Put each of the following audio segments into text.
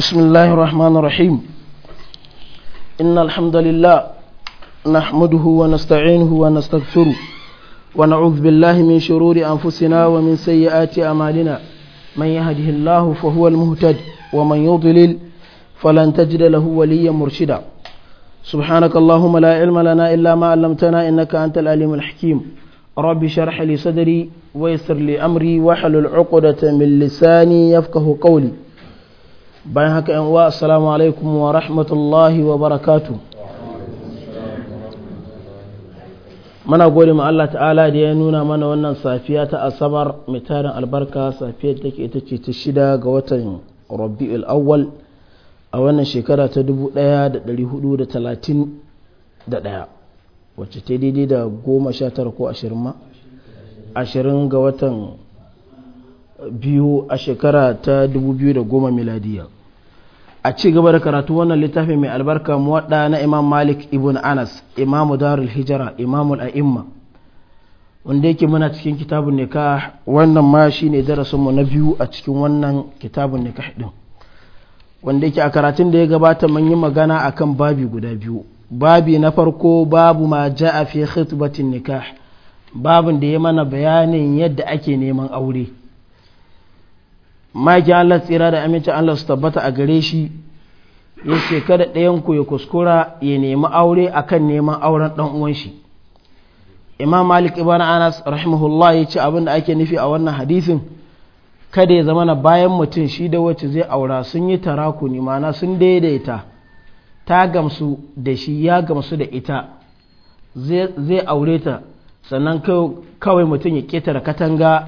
بسم الله الرحمن الرحيم إن الحمد لله نحمده ونستعينه ونستغفره ونعوذ بالله من شرور أنفسنا ومن سيئات أمالنا من يهده الله فهو المهتد ومن يضلل فلن تجد له وليا مرشدا سبحانك اللهم لا علم لنا إلا ما علمتنا إنك أنت العليم الحكيم ربي شرح لي صدري ويسر لي أمري وحل العقدة من لساني يفقه قولي bayan haka yan uwa assalamu alaikum wa rahmatullahi wa barakatu mana gode ma Allah ta'ala da ya nuna mana wannan safiya ta asabar mai tarin albarka safiyar take ita ce ta shida ga watan rabi'ul awwal a wannan shekara ta 1431 wacce ta daidai da goma sha tara ko ashirin ma ga watan biyu a shekara ta 2010 miladiya a ci gaba da karatu wannan littafi mai albarka muwadda na imam malik ibn anas imamu darul hijira imamul a'imma wanda yake muna cikin kitabun nikah wannan ma ne darasinmu na biyu a cikin wannan kitabun nikah din wanda yake a karatun da ya gabata mun yi magana akan babi guda biyu babi na farko babu ma ja'a fi khitbatin nikah babin da ya mana bayanin yadda ake neman aure maki Allah tsira da amincin Allah su tabbata a gare shi ya ce kada ɗayanku ya kuskura ya nemi aure a kan neman auren ɗan uwan shi imam malik ibn anas rahimahullah ya ce abin da ake nufi a wannan hadisin kada ya zama na bayan mutum shi da wacce zai aura sun yi tarakuni mana sun daidaita ta gamsu da shi ya gamsu da ita zai aure ta sannan kawai mutum ya ketare katanga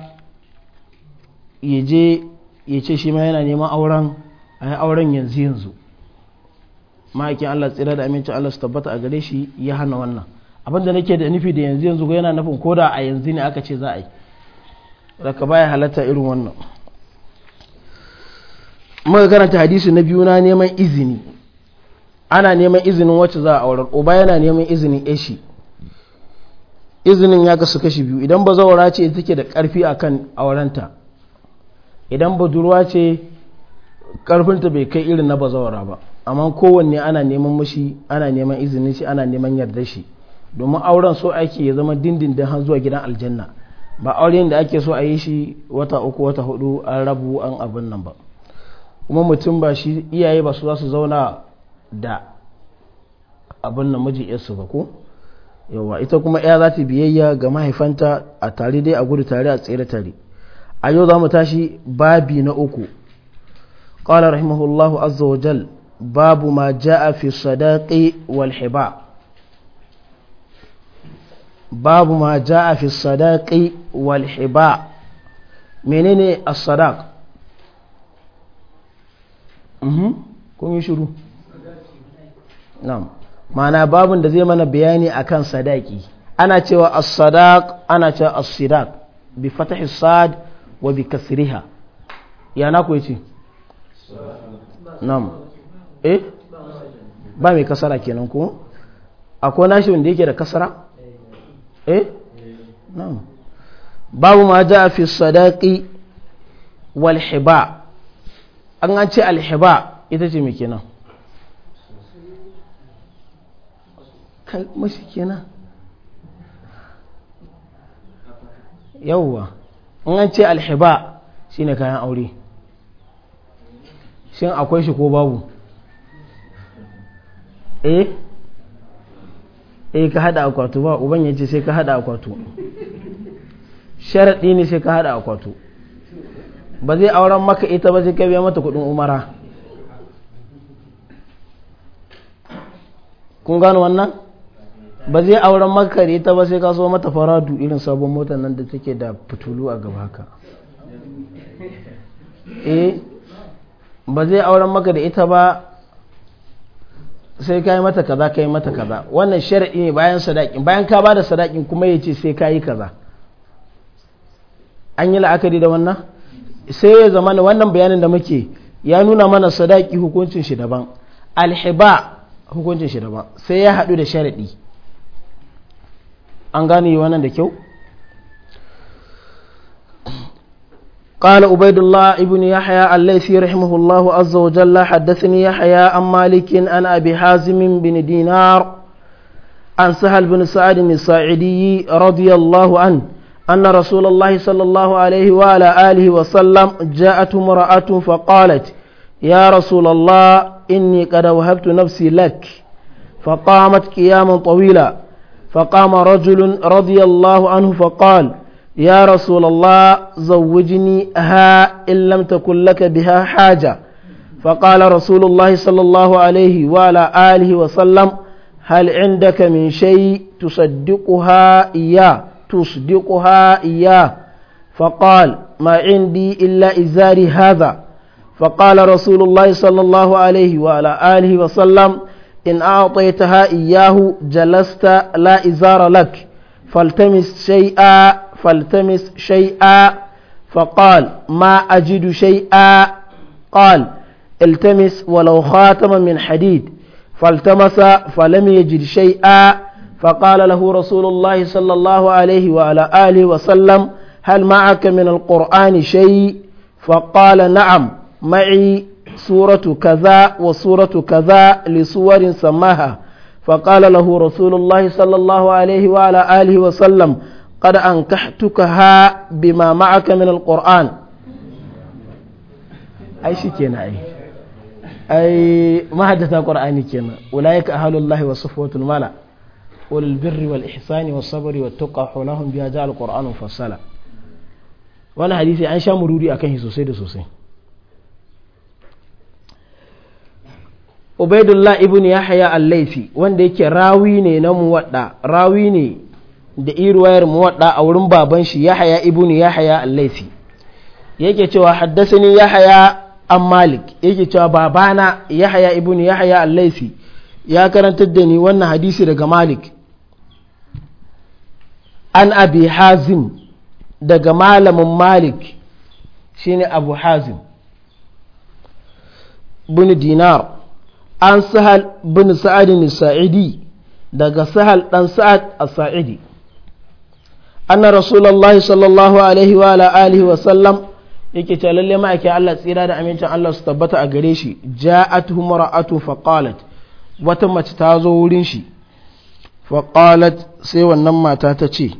ya je ya ce shi ma yana neman auren a yi auren yanzu yanzu ma'aikin Allah tsira da amincin Allah su tabbata a gare shi ya hana wannan abin da nake da nufi da yanzu yanzu yana nufin koda a yanzu ne aka ce za a yi daga baya halatta irin wannan muka karanta hadisi na biyu na neman izini ana neman izinin wacce za a aurar uba yana neman izinin eshi izinin ya kasu kashi biyu idan ba zaura ce take da karfi akan aurenta idan budurwa ce karfinta bai kai irin na bazawara ba amma kowanne ana neman mashi ana neman izinin shi ana neman yarda shi domin auren so ake ya zama dindindin har zuwa gidan aljanna ba auren da ake so a yi shi wata uku wata hudu an rabu an abin nan ba kuma mutum ba shi iyaye ba su za su zauna da abin nan miji yarsu ba ko yawa ita kuma ya za ta biyayya ga mahaifanta a tare dai a gudu tare a tsere tare a yau za mu tashi babi na uku ƙwala rahimahullahu azza wa jal babu ma ja'a fi sadaƙi wal hiba babu ma ja'a fi sadaƙi wal hiba menene as-sadaq mhm, kun yi shiru na'am ma'ana babun da zai mana bayani akan sadaki ana cewa as-sadaq ana cewa as-sidaq bi fatahi sad wa bi kasriha ya na ku yace nam eh ba mai kasara kenan ko akwai nashi wanda yake da kasara eh nam babu ma ja fi sadaqi wal hiba an an ce al hiba ita ce mai kenan kai mashi kenan yawwa in an ce alhiba shine kayan aure shin akwai shi ko babu eh eh ka hada akwato ba uban ya ce sai ka hada akwato sharaɗi ne sai ka hada akwato ba zai auren maka ita ba sai ka biya mata kuɗin umara kun gano wannan ba zai auren makare ta ba sai ka so mata faradu irin sabon motar nan da take da fitulu a gaba haka eh ba zai auren maka da ita ba sai ka yi mata kaza ka yi mata kaza wannan shari'i ne bayan sadakin bayan ka ba da sadakin kuma ya ce sai ka yi kaza an yi la'akari da wannan sai ya zama wannan bayanin da muke ya nuna mana sadaki hukuncin shi daban alhiba hukuncin shi daban sai ya haɗu da sharaɗi an gane wannan da kyau قال عبيد الله ابن يحيى الليثي رحمه الله عز وجل حدثني يحيى عن مالك عن ابي حازم بن دينار عن سهل بن سعد الساعدي رضي الله عنه أن رسول الله صلى الله عليه وعلى آله وسلم جاءته امرأة فقالت يا رسول الله إني قد وهبت نفسي لك فقامت قياما طويلا فقام رجل رضي الله عنه فقال يا رسول الله زوجني ها إن لم تكن لك بها حاجة فقال رسول الله صلى الله عليه وعلى آله وسلم هل عندك من شيء تصدقها إياه تصدقها إياه فقال ما عندي إلا إزاري هذا فقال رسول الله صلى الله عليه وعلى آله وسلم إن أعطيتها إياه جلست لا إزار لك فالتمس شيئا فالتمس شيئا فقال ما أجد شيئا قال التمس ولو خاتما من حديد فالتمس فلم يجد شيئا فقال له رسول الله صلى الله عليه وعلى آله وسلم هل معك من القرآن شيء فقال نعم معي suratu kaza wa suratu kaza li suwarin samaha فقال له رسول الله صلى الله عليه وعلى آله وسلم قد أنكحتكها بما معك من القرآن أي شيء كنا أي أي ما حدث القرآن كنا أولئك أهل الله وصفوة الملا والبر والإحسان والصبر والتقى حولهم بها جاء القرآن فصلا وأنا حديثي عن شام مروري أكن سوسي سوسي ubaidullah ibn yahya al-laifi wanda yake rawi ne na muwadda rawi ne da irwayar muwadda a wurin baban shi yahya ibn yahya al-laifi yake cewa haddasani yahya an malik yake cewa babana yahya ibn yahya al-laifi ya karantar da ni wannan hadisi daga malik an abi hazim daga malamin malik shine abu hazim bin dinar an sahal bin sa'adin sa'idi daga sahal dan sa'ad as-sa'idi anna rasulullahi sallallahu alaihi wa ala alihi wa sallam yake ce lalle ma'aikin Allah tsira da amincin Allah su tabbata a gare shi ja'at humra'atu fa qalat wata mace ta zo wurin shi fa sai wannan mata ta ce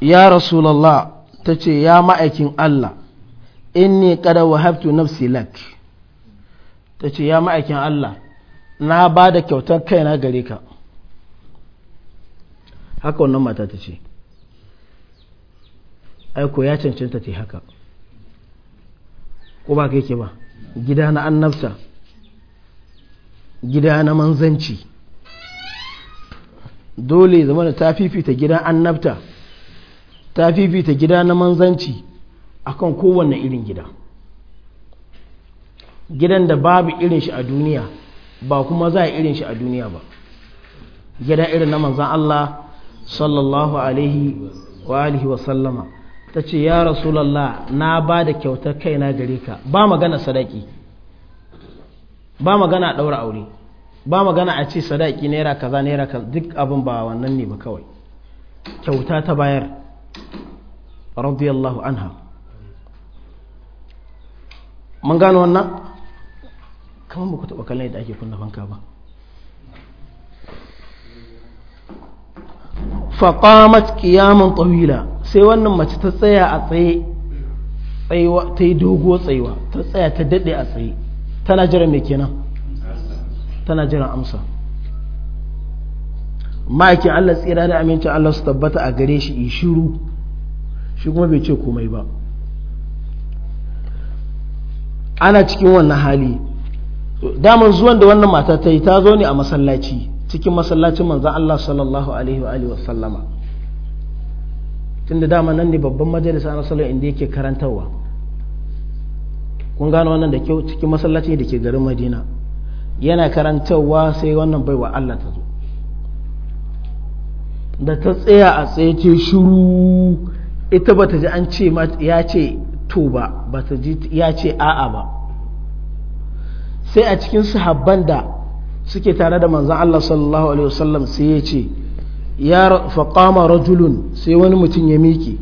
ya rasulullah ta ce ya ma'aikin Allah inni qad wahabtu nafsi lak ta ce ya ma'aikin Allah na ba da kyautar kaina gare ka haka wannan mata ta ce aiko ya cancanta ta haka ko ba kai ke ba gida na annabta gida na manzanci dole zama da ta fifita gidan annabta ta fifita gida na manzanci akan kowanne irin gida gidan da babu irin shi a duniya ba kuma za a irin shi a duniya ba gida irin na manzan Allah sallallahu alaihi wa alihi wa sallama ta ce ya rasulallah na ba da kyautar kaina gare ka ba magana sadaki ba magana a ɗaura aure ba magana a ce sadaki naira kaza naira kaza duk abin ba wannan ne ba kawai kyauta ta bayar radiyallahu anha mun gano wannan kamar ba ku taɓa kallon yadda ake kunna fanka ba faƙamat ƙiyaman tsawila sai wannan mace ta tsaya a tsaye ta yi dogo tsayuwa ta tsaya ta daɗe a tsaye tana jiran mai kenan tana jiran amsa ma'aikin allah tsira da amincin allah su tabbata a gare shi shiru shi kuma bai ce komai ba ana cikin wannan hali daman zuwan da wannan mata ta yi ta zo ne a masallaci cikin masallacin manzan Allah sallallahu alaihi wa alihi tunda dama nan ne babban majalisa na sallar inda yake karantarwa kun gano wannan da kyau cikin masallaci da ke garin Madina yana karantarwa sai wannan baiwa Allah ta zo da ta tsaya a tsaye ce shiru ita ba ta ji an ce ya ce to ba ba ta ji ya ce a'a ba sai a cikin sahabban da suke tare da manzan Allah sallallahu alaihi wasallam sai ya ce ya faƙama rajulun sai wani mutum ya miki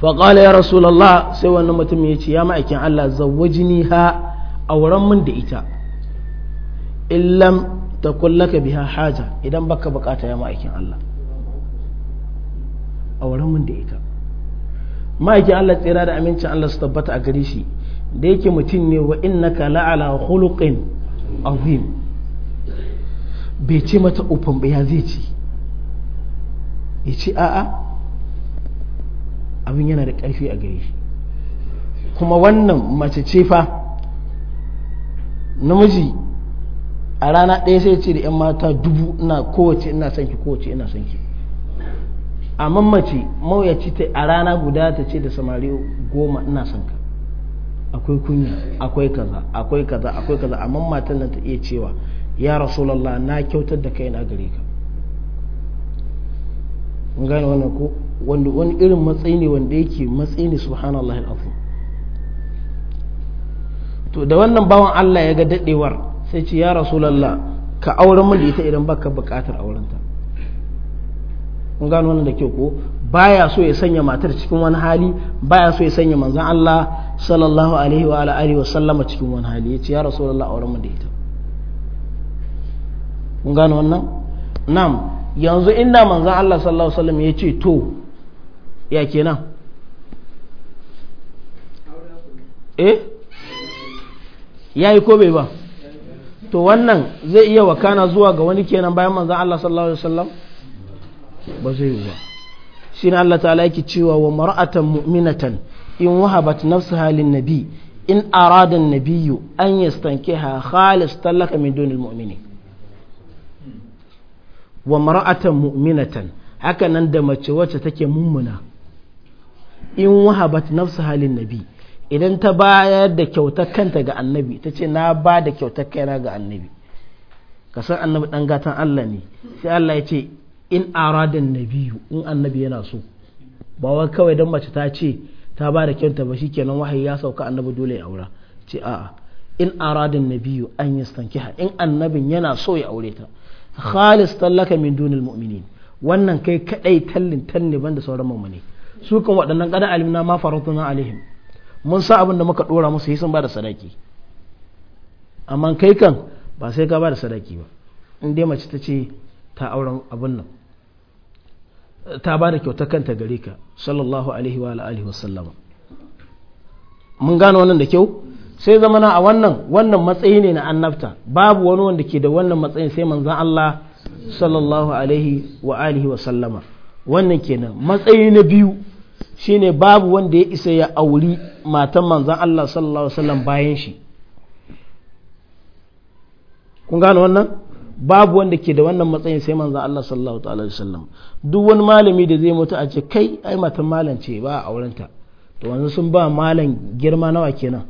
faƙala ya rasulullah sai wani mutum ya ce ya ma'aikin Allah zawwajini ha auren mun da ita illam takun laka biha haja idan baka bukata ya ma'aikin Allah auren mun da ita ma'aikin Allah tsira da amincin Allah su tabbata a gare shi da yake mutum ne wa innaka la'ala khuluqin azim bai ce mata ufan ba ya zai ci ya ce a'a abin yana da ƙarfi a gare shi kuma wannan mace ce fa namiji a rana ɗaya sai ce da 'yan mata dubu na kowace ina son ki kowace ina son ki amma mace mawuyaci ta a rana guda ta ce da samari goma ina son ka akwai kunya akwai kaza akwai kaza akwai kaza amma matan nan ta iya cewa ya rasulullah na kyautar da kaina gare ka mun gane wannan ko wanda wani irin matsayi ne wanda yake matsayi ne subhanallah alazim to da wannan bawan Allah ya ga dadewar sai ce ya rasulullah ka auren mun da ita idan baka bukatar aurenta mun gane wannan da kyau ko baya so ya sanya matar cikin wani hali baya so ya sanya manzon Allah sallallahu alaihi wa alihi wa sallama cikin wani hali ya ce ya rasulullah a wurin da ita kun gano wannan nam yanzu inda manzan Allah sallallahu alaihi ya ce to ya ke nan eh yi ko bai ba to wannan zai iya wakana zuwa ga wani kenan bayan manzan Allah sallallahu alaihi sallam ba zai yi ba shi ne Allah ta'ala yake cewa wa mar'atan mu'minatan in wahabat nafsaha lin nabi in arada an-nabiy an yastankiha khalis talaka min dunil mu'mini wa mar'atan mu'minatan haka nan da mace wacce take mummuna in wahabat nafsaha lin nabi idan ta bayar da kyautar kanta ga annabi ta ce na ba da kyautar kaina ga annabi ka san annabi dan gatan Allah ne sai Allah ya ce in aradan nabiyu in annabi yana so ba wai kawai dan mace ta ce ta ba da kyanta ba shi kenan wahayi ya sauka annabi dole ya aura ce a'a in aradin nabiyu an yastankiha in annabin yana so ya aure ta khalis tallaka min dunil mu'minin wannan kai kadai tallin tanne banda sauran mu'mini su kan waɗannan kada alimna ma faratuna alaihim mun sa abin da muka dora musu yi sun ba da sadaki amma kai kan ba sai ka ba da sadaki ba in dai mace ta ce ta auren abin nan ta ba da kyautar kanta gare ka sallallahu alaihi wa alihi wa sallama mun gano wannan da kyau sai zamana a wannan wannan matsayi ne na annabta babu wani wanda ke da wannan matsayin sai manzon Allah sallallahu alaihi wa alihi wa sallama wannan kenan matsayi na biyu shine babu wanda ya isa ya auri matan manzon Allah sallallahu alaihi wa sallam bayan shi kun gano wannan babu wanda ke da wannan matsayin sai manzon Allah sallallahu ta'ala alaihi wasallam duk wani malami da zai mutu a ce kai ai matan malam ce ba a aurenta to wanzu sun ba malam girma nawa kenan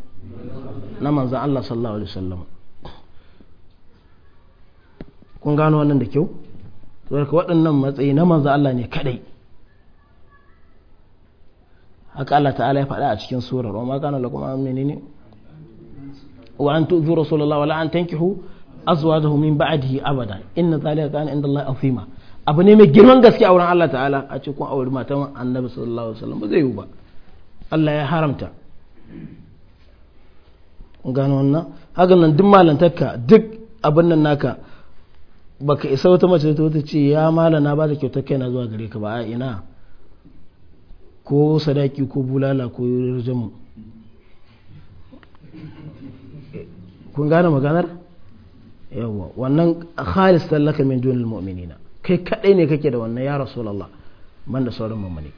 na manzon Allah sallallahu alaihi wasallam kun gano wannan da kyau ka waɗannan matsayi na manzon Allah ne kadai haka Allah ta'ala ya faɗa a cikin surar wa ma kana lakum ne wa an tu'zu rasulullahi wa la an tankihu azwajahu min ba'dihi abada inna zalika kana inda Allah azima abu ne mai girman gaske a wurin Allah ta'ala a ce kun auri matan annabi sallallahu alaihi wasallam ba zai yi ba Allah ya haramta gano wannan haka nan duk malantarka duk abin nan naka baka isa wata mace ta wata ce ya malana ba da kyautar kaina zuwa gare ka ba a ina ko sadaki ko bulala ko yurjamu kun gane maganar yawa wannan khalis tallaka min dunil mu'minina kai kadai ne kake da wannan ya rasulullah man da sauran mu'mini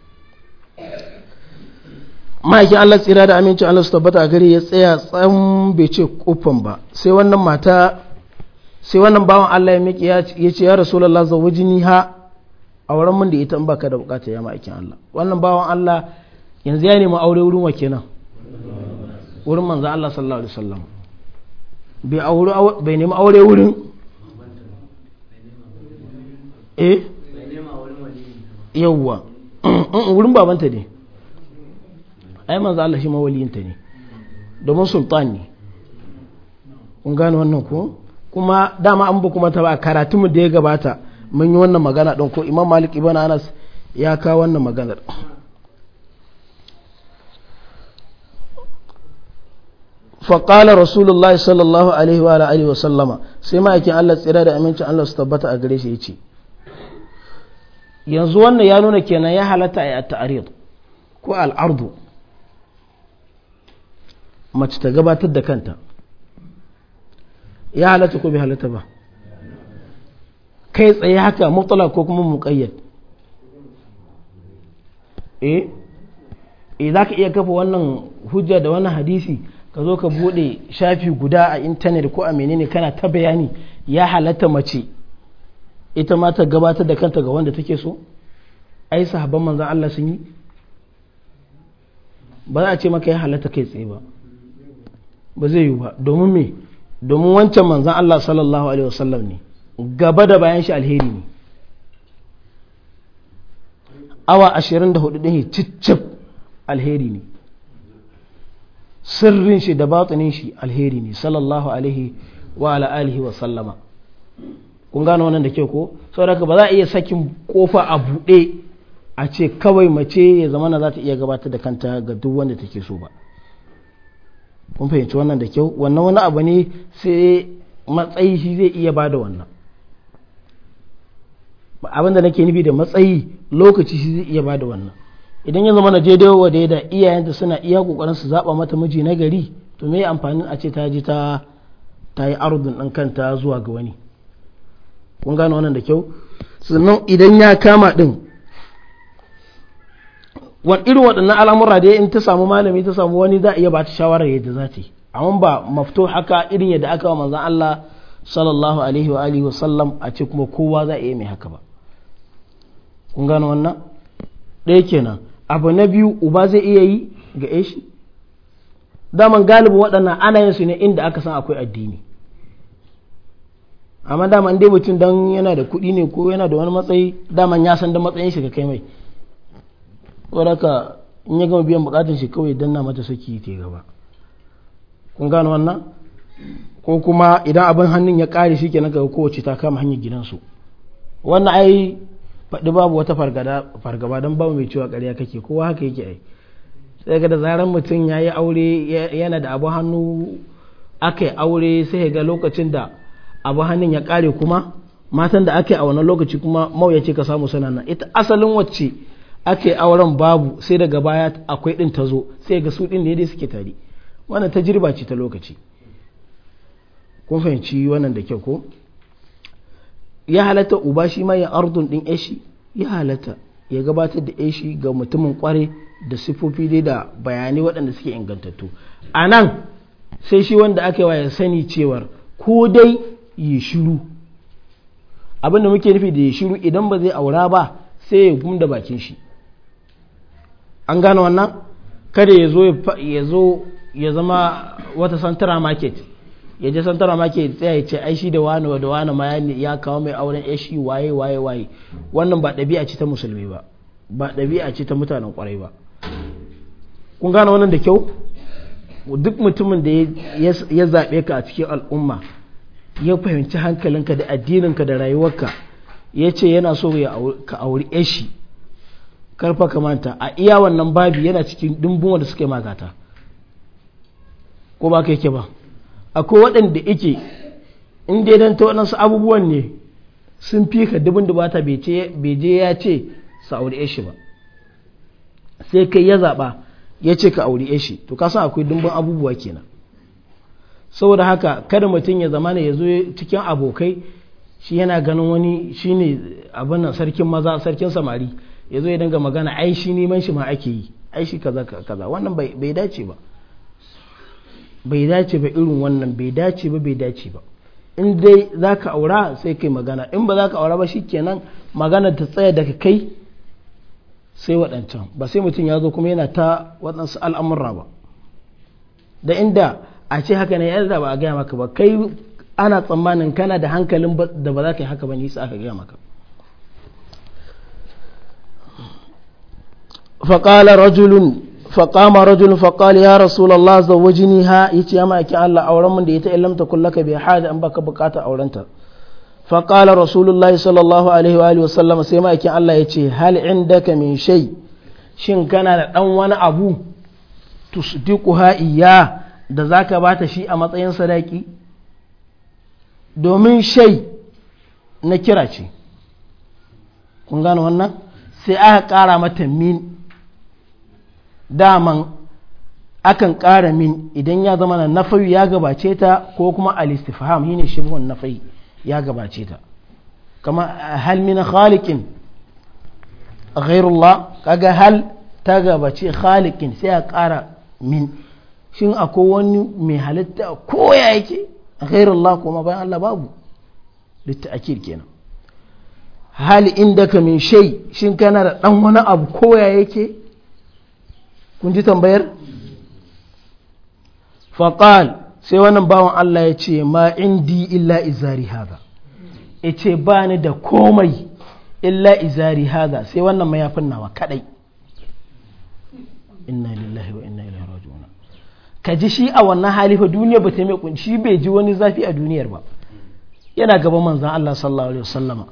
ma'aikin Allah tsira da amincin Allah su tabbata a gari ya tsaya tsan bai ce kofan ba sai wannan mata sai wannan bawan Allah ya miki ya ce ya rasulullah zawajini ha a wurin mun da ita in baka da bukata ya ma'aikin Allah wannan bawan Allah yanzu ya nemi aure wurin wa kenan wurin manzo Allah sallallahu alaihi wasallam bai nemi aure wurin eh yawwa mm, mm, wurin babanta ne ai manzo Allah shi mawaliyinta ne domin sultan ne kun gane wannan ko kuma dama an ba kuma ta ba karatu mu da ya gabata mun yi wannan magana don ko imam malik ibn anas ya kawo wannan maganar فقال رسول sallallahu alaihi الله عليه wa sallama sai سيما يكن tsira da amincin Allah الله tabbata a gare shi ya ce yanzu wannan ya nuna kenan ya halatta a ta'arid ko al'ardu mace ta gabatar da kanta ya halatta ko bai halatta ba kai tsaye haka mutala ko kuma muƙayyad eh, eh za ka iya kafa wannan hujja da wannan hadisi ka zo ka bude shafi guda a intanet ko a menene kana ta bayani ya halatta mace ita ma ta gabatar da kanta ga wanda take so ai sahabban manzon Allah sun yi ba za a ce maka ya halatta kai tsaye ba ba zai yi ba domin me domin wancan manzon Allah sallallahu alaihi wasallam ne gaba da bayan shi alheri ne awa 24 din ciccip alheri ne sirrin shi da batinin shi alheri ne sallallahu alaihi wa ala alihi wa sallama kun gano wannan da ke ko saboda ba za a iya sakin kofa a buɗe a ce kawai mace ya zama na za ta iya gabatar da kanta ga duk wanda take so ba kun fahimci wannan da kyau wannan wani abu ne sai matsayi shi zai iya bada wannan abinda nake nufi da matsayi lokaci shi zai iya bada wannan idan ya zama na je dawo da da iyayenta suna iya kokarin su zaba mata miji na gari to me amfanin a ce ta ji ta ta yi arudun ɗin kanta zuwa ga wani kun gano wannan da kyau sannan idan ya kama din. wa irin waɗannan al'amura da in ta samu malami ta samu wani za a iya ba ta shawarar yadda za ta yi amma ba mafito haka irin yadda aka wa manzan Allah sallallahu alaihi wa alihi wasallam a ce kuma kowa za a iya mai haka ba kun gano wannan ɗaya kenan abu na biyu uba zai iya yi ga eshi daman galibi waɗannan ana yin su ne inda aka san akwai addini amma daman dai mutum don yana da kuɗi ne ko yana da wani matsayi daman ya san da matsayin shi ka kai mai waɗaka in ya gama biyan buƙatun shi kawai na mata saki ta gaba kun gano wannan ko kuma idan abin hannun ya ƙare shi kenan kaga kowace ta kama hanyar gidansu wannan ai faɗi babu wata fargaba don babu mai cewa ƙarya kake kowa haka yake ai sai ga da zaran mutum ya yi aure yana da abu hannu aka yi aure sai ga lokacin da abu hannun ya ƙare kuma matan da aka yi a wannan lokaci kuma mawuyaci ka samu suna nan ita asalin wacce ake auren babu sai daga baya akwai ɗin ta zo sai ga su ɗin ne dai suke tare wannan jirba ce ta lokaci kun fahimci wannan da kyau ko ya halatta uba shi ma ya ardun din yashi ya halatta ya gabatar da yashi ga mutumin kware da sifofi dai da bayani waɗanda suke ingantattu a nan sai shi wanda aka wa ya sani cewar ko dai yi shiru abinda muke nufi da yi shiru idan ba zai aura ba sai ya gumda bakin shi an gane wannan kada ya zo ya zama wata santara market ya je santarwa ma ke tsaya ya ce ai shi da wani da wani ma ya kawo mai auren ya shi waye waye waye wannan ba ɗabi'a ce ta musulmi ba ba ɗabi'a ce ta mutanen kwarai ba kun gane wannan da kyau duk mutumin da ya zaɓe ka a cikin al'umma ya fahimci hankalinka da addininka da rayuwarka ya ce yana so ka auri shi karfa kamanta a iya wannan babi yana cikin dimbin wanda yi magata ko ba ka yake ba akwai waɗanda ike in dai dan ta waɗansu abubuwan ne sun fi ka dubin bata bai je ya ce su aure shi ba sai kai ya zaɓa ya ce ka auri shi to ka akwai dumbin abubuwa kenan saboda haka kada mutum ya zama ya zo cikin abokai shi yana ganin wani shine abin nan sarkin maza sarkin samari ya zo ya dinga magana ai shi neman shi ma ake yi ai shi kaza kaza wannan bai dace ba bai dace ba irin wannan bai dace ba bai dace ba in dai za ka aura sai kai magana in ba za ka aura ba shi kenan magana ta tsaya daga kai sai waɗancan ba sai mutum ya zo kuma yana ta waɗansu al'amurra ba da inda a ce haka ne yadda ba a gaya maka ba kai ana tsammanin kana da hankalin da ba za ka yi haka ba ne aka gaya maka faƙala rajulun فقام رجل فقال يا رسول الله زوجني ها يتي أما كي الله اورن من ديتا إن لم تكن لك بأحد ان بك بكاتا اورنتا فقال رسول الله صلى الله عليه واله وسلم سيما كي الله يتي هل عندك من شيء شن كان دان وانا ابو تصدقها إياه da za ka bata shi a matsayin sadaki domin shai na kira ce kun gane wannan sai aka ƙara mata min daman akan ƙara min idan ya zama na nafai ya gabace ta ko kuma al shine shibhun nafayi ya gabace ta kama hal min khaliqin ghairullah kaga hal ta gabace khaliqin sai a ƙara min shin akwai wani mai halitta ko ya yake ghairullah kuma bayan Allah babu litta'akir kenan hal indaka min shay shin kana da dan wani abu ko ya yake kun ji tambayar faƙal sai wannan bawan Allah ya ce ma indi illa izari haza ya ce ba ni da komai illa izari haza sai wannan mayafin nawa kadai inna lillahi wa inna ilaihi raji'un ka ji shi a wannan hali fa duniya ba ta mai shi bai ji wani zafi a duniyar ba yana gaban manzon Allah sallallahu alaihi wasallama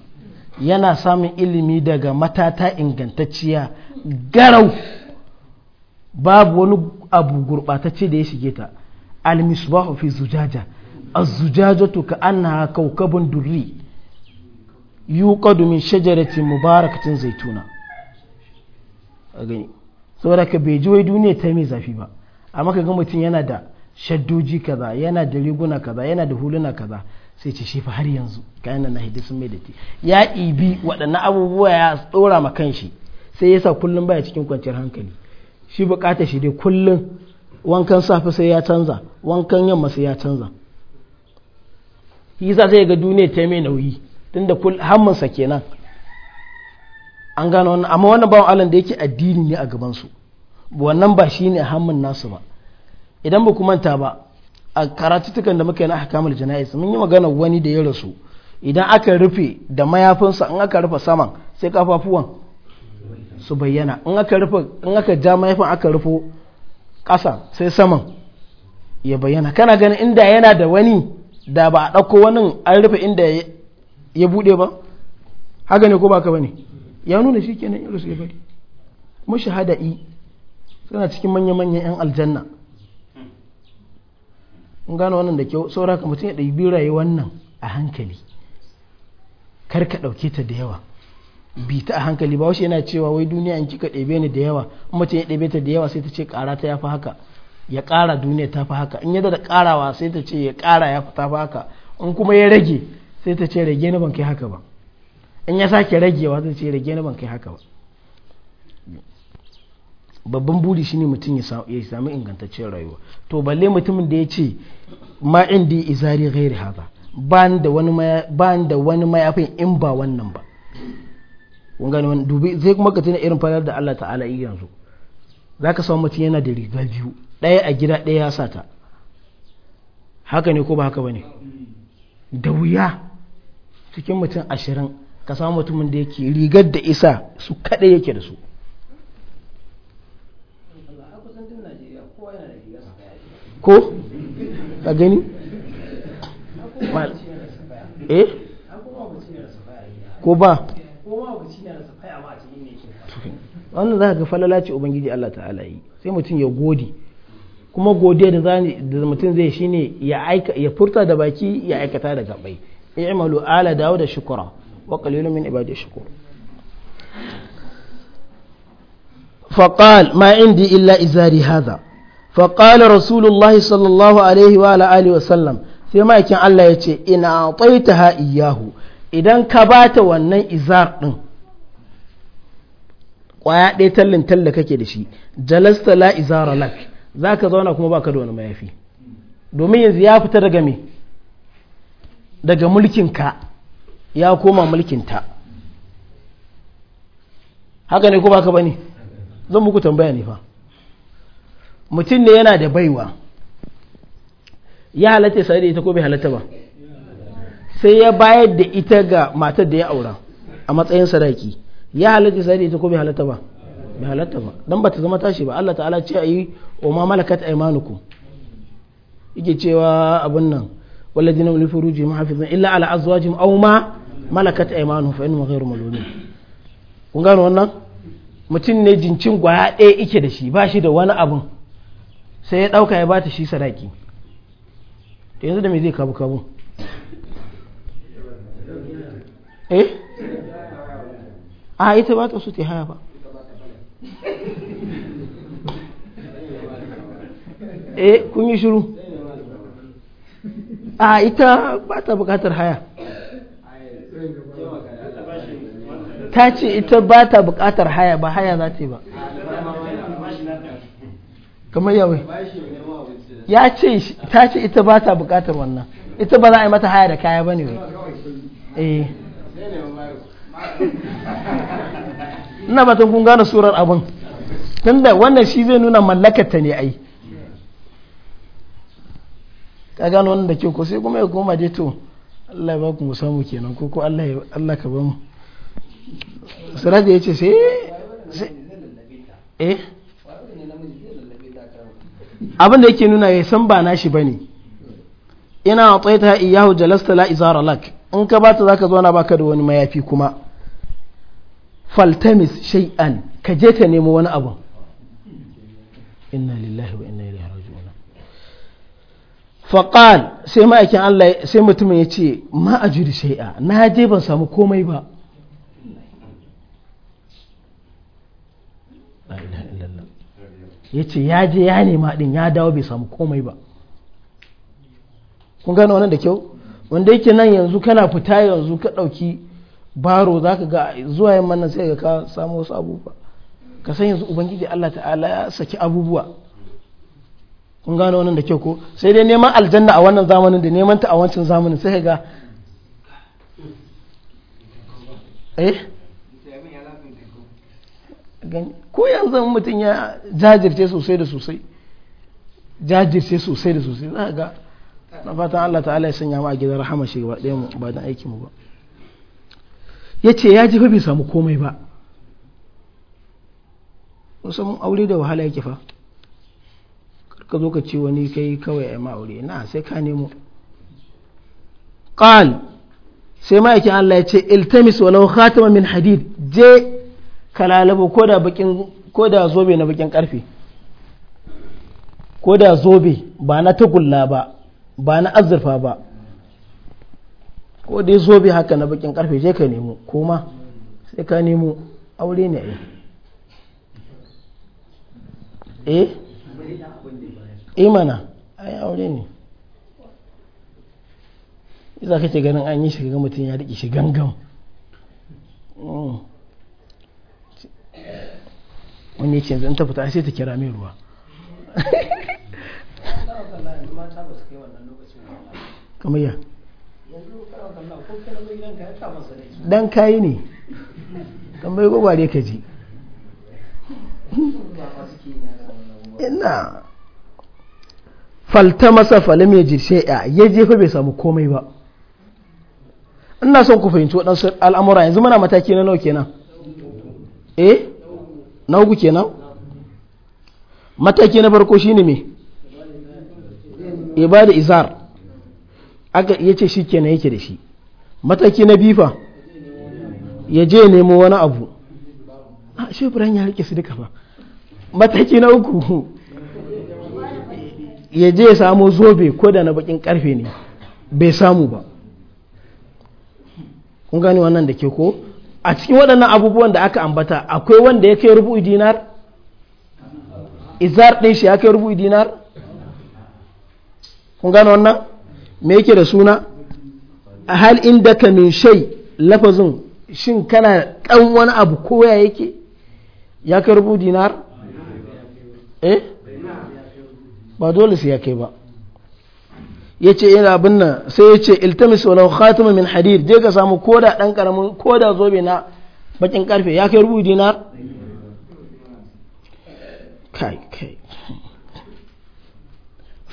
yana samun ilimi daga matata ingantacciya garau babu wani abu gurɓatacce da ya shige ta almisbahu fi zujaja az-zujajatu ka annaha kaukabun durri yuqadu min shajaratin mubarakatin zaituna a gani saboda ka bai ji wai duniya ta mai zafi ba amma ka ga mutum yana da shaddoji kaza yana da riguna kaza yana da huluna kaza sai ce shi har yanzu kayan na hidi mai datti ya ibi waɗannan abubuwa ya tsora ma kanshi sai yasa kullum baya cikin kwanciyar hankali shi bukatar shi dai kullum wankan safe sai ya canza wankan yamma sai ya canza yasa sai ga duniya ta mai nauyi tun da hammansa kenan an gano wannan amma wannan bawan Allah da yake addini ne a gabansu. wannan ba shi ne hammin nasu ba idan ba manta ba a karatuttukan da muka yi na kamar jana'is mun yi magana wani da ya rasu idan aka rufe da mayafinsa in aka rufe saman sai kafafuwan su bayyana in aka rufe in aka ja mahaifin aka rufo ƙasa sai saman ya bayyana kana ganin inda yana da wani da ba a ɗauko wani an rufe inda ya buɗe ba haka ne ko ba ka bane ya nuna shi kenan irin su ya bari mushi hada'i suna cikin manya-manyan 'yan aljanna in gano wannan da kyau saura ka mutum ya ɗabi rayuwar nan a hankali kar ka ɗauke ta da yawa bi ta a hankali ba wasu yana cewa wai duniya in kika ɗebe ni da yawa mace ya ɗebe ta da yawa sai ta ce ƙara ta yafi haka ya ƙara duniya ta fi haka in yadda da ƙarawa sai ta ce ya ƙara ya fi ta fi haka in kuma ya rage sai ta ce rage ni ban kai haka ba in ya sake ragewa ta ce rage ni ban kai haka ba babban buri shine mutum ya sami ingantaccen rayuwa to balle mutumin da ya ce ma indi izari ghairi hada ba da wani mayafin in ba wannan ba kun gani wani dubi zai kuma ka tuna irin farar da Allah ta'ala yi yanzu za ka samu mutum yana da riga biyu ɗaya a gida ɗaya ya sa ta haka ne ko ba haka ba ne da wuya cikin mutum ashirin ka samu mutumin da yake rigar da isa su kaɗai yake da su ko ka gani eh? ko ba wannan za ka ga falala ce ubangiji Allah ta'ala yi sai mutum ya gode kuma gode da mutum zai shine ya aika ya furta da baki ya aikata da gabai i'malu ala dawuda shukura wa qalilun min ibadi shukur فقال ما عندي إلا إزاري هذا فقال رسول sallallahu alaihi wa عليه وعلى آله وسلم sai ma'aikin Allah ya ce ina taitaha iyahu idan ka ba ta wannan izar ɗin ƙwaya ɗaya tallin talla kake da shi jalasta la izara lak za ka zauna kuma baka da wani mayafi domin yanzu ya fita daga me daga mulkinka ya koma mulkinta haka ne ko baka bane zan muku tambaya ne fa mutum ne yana da baiwa ya halatta sai da ita ko bai halatta ba sai ya bayar da ita ga matar da ya aura a matsayin sadaki ya halatta sai da ita ko bai halatta ba bai halatta ba dan bata zama tashi ba Allah ta'ala ce ayi wa ma malakat aymanukum yake cewa abun nan walladina li furujihim hafizun illa ala azwajim aw ma malakat aymanuhum fa innahu ghayru malumin kun gano wannan mutum ne jincin gwaya ɗaya ike da shi ba shi da wani abun sai ya ɗauka ya bata shi sadaki to yanzu da me zai kabu kabu eh ah, ita ba ta so ta haya ba eh kun yi shiru a ita ba ta bukatar haya ta ce ita ba ta bukatar haya ba haya za ta yi ba kamar yawai ya ce ta ce ita ba ta bukatar wannan ita ba za a yi mata haya da kaya ba ne eh ina batun kun gane surar abin tunda wannan shi zai nuna mallakata ne ai ka gano wannan da kyau ko sai kuma ya koma dai to Allah ya ba ku samu kenan ko ko Allah ka ba mu surar da ce sai eh abin da yake nuna ya san ba nashi ne ina tsaita iyahu jalasta la izara lak in ka bata za ka zo na baka da wani mayafi kuma faltamis shay'an ka je ka nemo wani abu inna lillahi wa inna ilaihi raji'un faqal sai ma'aikin Allah sai mutumin ya ce ma ajuri shay'a na je ban samu komai ba ya ce ya je ya nema din ya dawo bai samu komai ba kun gano wannan da kyau wanda yake nan yanzu kana fita yanzu ka ɗauki baro za ka ga zuwa yamma nan sai ka samu wasu abubuwa ka san yanzu ubangiji Allah ta'ala ya saki abubuwa kun gano wannan da kyau ko sai dai neman aljanna a wannan zamanin da neman ta a wancan zamanin sai ga eh ko yanzu mutum ya jajirce sosai da sosai jajirce sosai da sosai za ga na fatan Allah ta'ala ya sanya mu a gidan rahama shi ba ɗaya mu ba dan aikin mu ba yace ya ji fa bai samu komai ba mun aure da wahala yake fa ka zo ka ce wani kai kawai a ma aure na sai ka nemo qal sai ma'aikin Allah ya ce iltamis walau khatama min hadid je kalalabo ko da bakin ko da zobe na bakin karfe ko da zobe ba na tagulla ba ba na azurfa ba ko dai zobe haka na bakin karfe je ka nemo koma sai ka nemo aure ne eh eh imana ai aure ne iza kake ganin an yi shiga mutum ya riƙe shi gangan hmm. wani ce zan ta fita sai ta kira mai ruwa kamar ya ne dan kayi ne kamar bai gwagware ka ji ina falta masa falim ya jirshe ya ya jefa bai samu komai ba ina son ku fahimci waɗansu al'amura yanzu mana mataki na nawa kenan eh na ku kenan mataki na farko shine me ya ba da izar aka iya ce shi kenan yake da shi mataki na bifa ya je nemo wani abu a ah, shi ibrahim ya rike su duka ba mataki na uku ya je ya samo zobe ko da na bakin karfe ne bai samu ba kun gani wannan da ke ko a cikin waɗannan abubuwan da aka ambata akwai wanda ya kai rubu dinar izar ɗin shi ya kai rubu dinar kun gano wannan me yake da suna a hal inda ka min shai lafazin shin kana dan wani abu ya yake ya ka rubu dinar eh ba dole sai ya kai ba ya ce ina abin sai ya ce iltamis walau khatima min hadid je ka samu koda dan karamin koda zobe na bakin karfe ya kai rubu dinar kai kai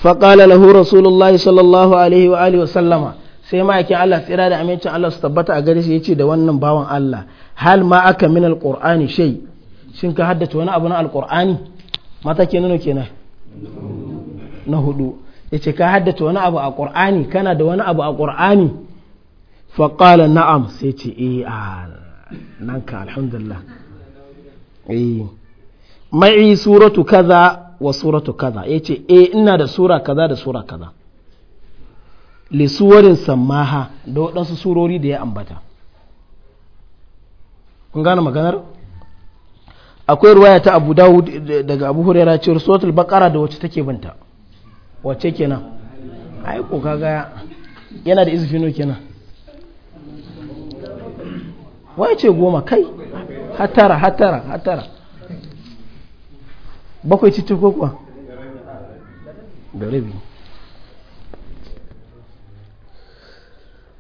فقال له رسول الله صلى الله عليه وآله وسلم sai ma'aikin Allah tsira da amincin Allah su tabbata a gare shi ya ce da wannan bawan Allah hal ma aka min alqur'ani shay shin ka haddace wani abu na alqur'ani mata ke nuna kenan na hudu yace ka haddace wani abu a qur'ani kana da wani abu a qur'ani fa na'am sai ce mai suratu kaza wa suratu kaza ya ce e ina da sura kaza da sura kaza lisuwarin sammaha da waɗansu surori da ya ambata kun gane maganar akwai ruwaya ta abu dawud daga abu hurera ce suratul bakara da wacce take binta wacce kenan ai ko kaga yana da izifino kenan wai ce goma kai hatara hatara hatara bakwai cikin ko kuwa da rabi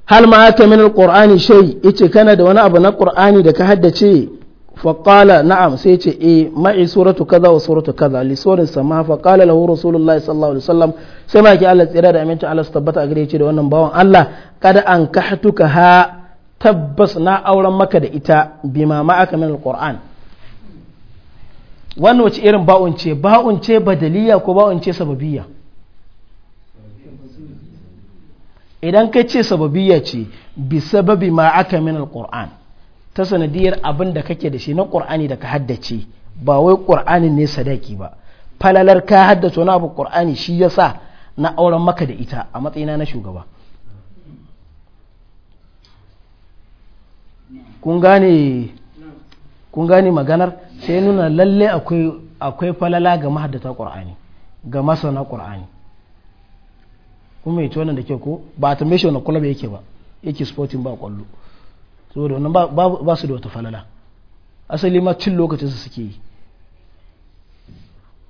hal ma aka min alqur'ani shay yace kana da wani abu na qur'ani da ka haddace fa qala na'am sai yace eh ma'i suratu kaza wa suratu kaza li surin sama fa qala lahu rasulullahi sallallahu alaihi wasallam sai ma ki Allah tsira da aminta Allah tabbata a gare yace da wannan bawan Allah kada an kahtuka ha tabbas na auren maka da ita bima ma aka min alqur'ani wannan wace irin ba'un ce badaliya ko ba'un ce sababiya idan ka ce sababiya ce bi sababi ma aka min alquran ta sanadiyar abin da kake da shi na qur'ani da ka haddace ba wai qur'anin ne sadaki ba falalar ka haddace wani abu qur'ani shi yasa na auren maka da ita a matsayina na shugaba kun gane kun gane maganar sai nuna lalle akwai akwai falala ga mahaddata qur'ani ga masana qur'ani kuma yace wannan da ke ko ba ta mishi wannan kulub yake ba yake sporting ba kwallo saboda wannan ba su da wata falala asali ma cin lokacin su suke yi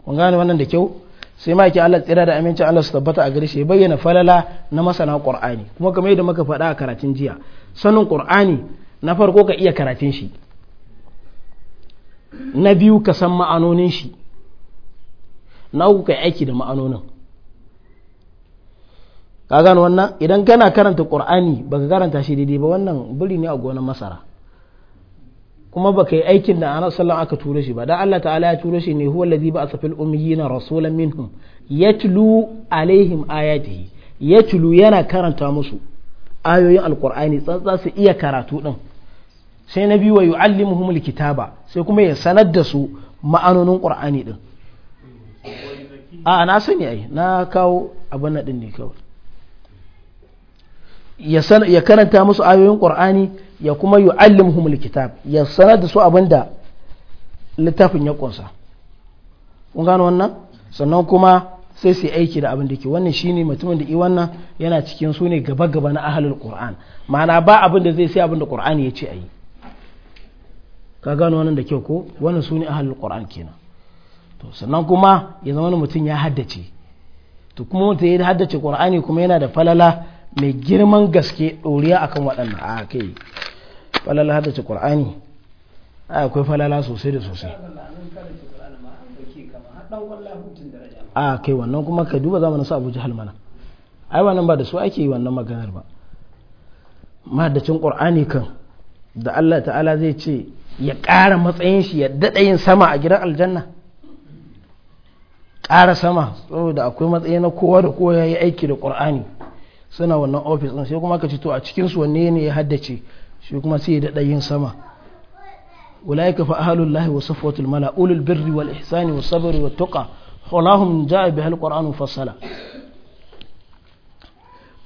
kun gane wannan da kyau sai ma yake Allah tsira da amincin Allah su tabbata a gare shi bayyana falala na masana Qur'ani kuma kamar yadda muka faɗa a karatun jiya sanin Qur'ani na farko ka iya karatun shi na biyu ka san ma'anonin shi na uku ka aiki da ma'anonin ka gano wannan idan kana karanta qur'ani baka karanta shi daidai ba wannan buri ne a gonar masara kuma baka yi aikin da ana sallan aka turo shi ba don Allah ta'ala ya turo shi ne huwa allazi ba'atha fil ummiyina rasulan minhum yatlu alaihim ayatihi yatlu yana karanta musu ayoyin alqur'ani tsantsa su iya karatu din sai na biyu wa yu'allimuhumul kitaba sai kuma ya sanar da su ma'anonin qur'ani din a na sani ai na kawo abin na din ne kawai ya karanta musu ayoyin qur'ani ya kuma yu'allimuhumul kitab ya sanar da su abin da littafin ya kunsa kun gano wannan sannan kuma sai su aiki da abin da ke wannan shine mutumin da i wannan yana cikin su ne gaba gaba na ahlul qur'an ma'ana ba abin da zai sai abin da qur'ani ya ce yi. ka gano wannan da kyau ko wannan su ne ahalul qur'an kenan to sannan kuma ya zama mutum ya haddace to kuma mutum ya haddace qur'ani kuma yana da falala mai girman gaske ɗoriya akan waɗannan a ah, kai falala haddace qur'ani akwai falala sosai da sosai a ah, kai wannan kuma ka duba zamanin su abu jihal mana ai wannan ba da su ake yi wannan maganar ba mahaddacin qur'ani kan da Allah ta'ala zai ce ya ƙara matsayin shi ya daɗa yin sama a gidan aljanna ƙara sama saboda akwai matsayi na kowa da kowa ya yi aiki da ƙur'ani suna wannan ofis ɗin sai kuma ka ci to a cikinsu wanne ne ya haddace shi kuma sai ya daɗa yin sama ulaika fa ahlullahi wa safwatul mala ulul birri wal ihsani was sabri wat tuqa khulahum ja'a bihal qur'anu fassala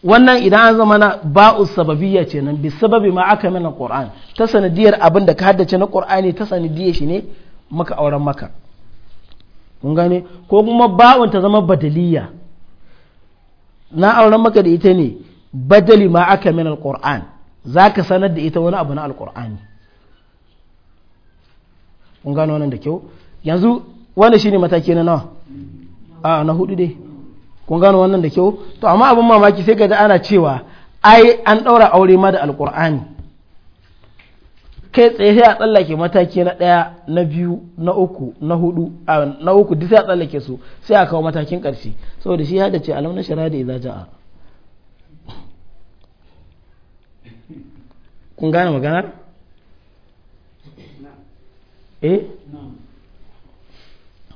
wannan idan an zama na ba'u sababiyya ce nan bi sababi ma aka mana qur'an ta sanadiyar abin da ka haddace na qur'ani ta sanadiyar shi ne maka auren maka kun gane ko kuma ba'un ta zama badaliya na auren maka da ita ne badali ma aka mana alquran zaka sanar da ita wani abu na alqur'ani kun gano wannan da kyau yanzu wani shine mataki na nawa a na hudu dai kun gano wannan da kyau to amma abin mamaki sai ga ana cewa ai an ɗaura aure ma da alkur'ani. kai tsaye sai a tsallake mataki na ɗaya na biyu na uku na hudu na uku duk sai a tsallake su sai a kawo matakin ƙarshe saboda shi hada ce alamun shara da iza ja'a kun gane magana eh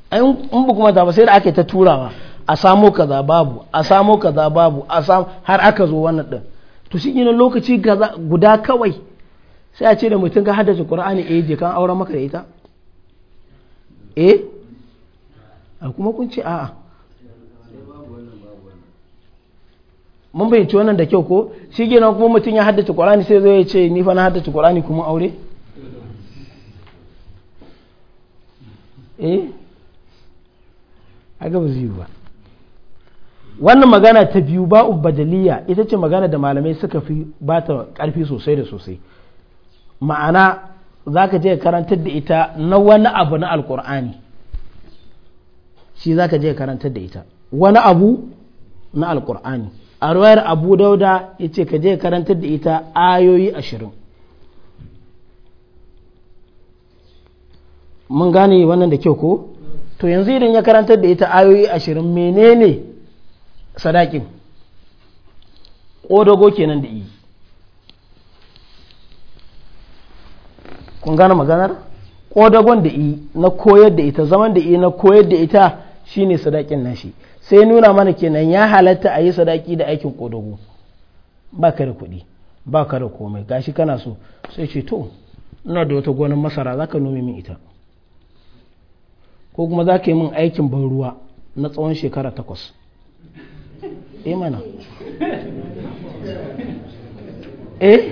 ai in kuma ta ba sai da ake ta turawa a samo kaza babu a samo kaza babu a samo har aka zo wannan din to shi ne lokaci guda kawai sai a ce da mutum ka haddace qur'ani eh je kan auren maka da ita eh a kuma kun ce a'a mun bayyance wannan da kyau ko shi kenan kuma mutum ya haddace qur'ani sai zai ce ni fa na haddace qur'ani kuma aure eh a ba zai ba wannan magana ta biyu ba badaliya ita ce magana da malamai suka fi ba ta ƙarfi sosai da sosai ma'ana za ka je karantar da ita na wani abu na alkur'ani shi za ka je karantar da ita wani abu na alkur'ani a ruwayar abu dauda ya ce ka je karantar da ita ayoyi ashirin mun gane wannan da kyau ko to yanzu idan ya karantar da ita ayoyi ashirin menene sadakin ƙodogo kenan da iyi kun gane maganar ƙodagon da iyi na koyar da ita zaman da iyi na koyar da ita shine sadakin nashi sai nuna mana kenan ya halatta a yi sadaki da aikin ƙodago ba ka da kuɗi ba ka da komai gashi kana so sai ce to ina da wata gonar masara za ka nome min ita ko kuma za ka yi min aikin ban ruwa na tsawon shekara takwas eh mana eh? eh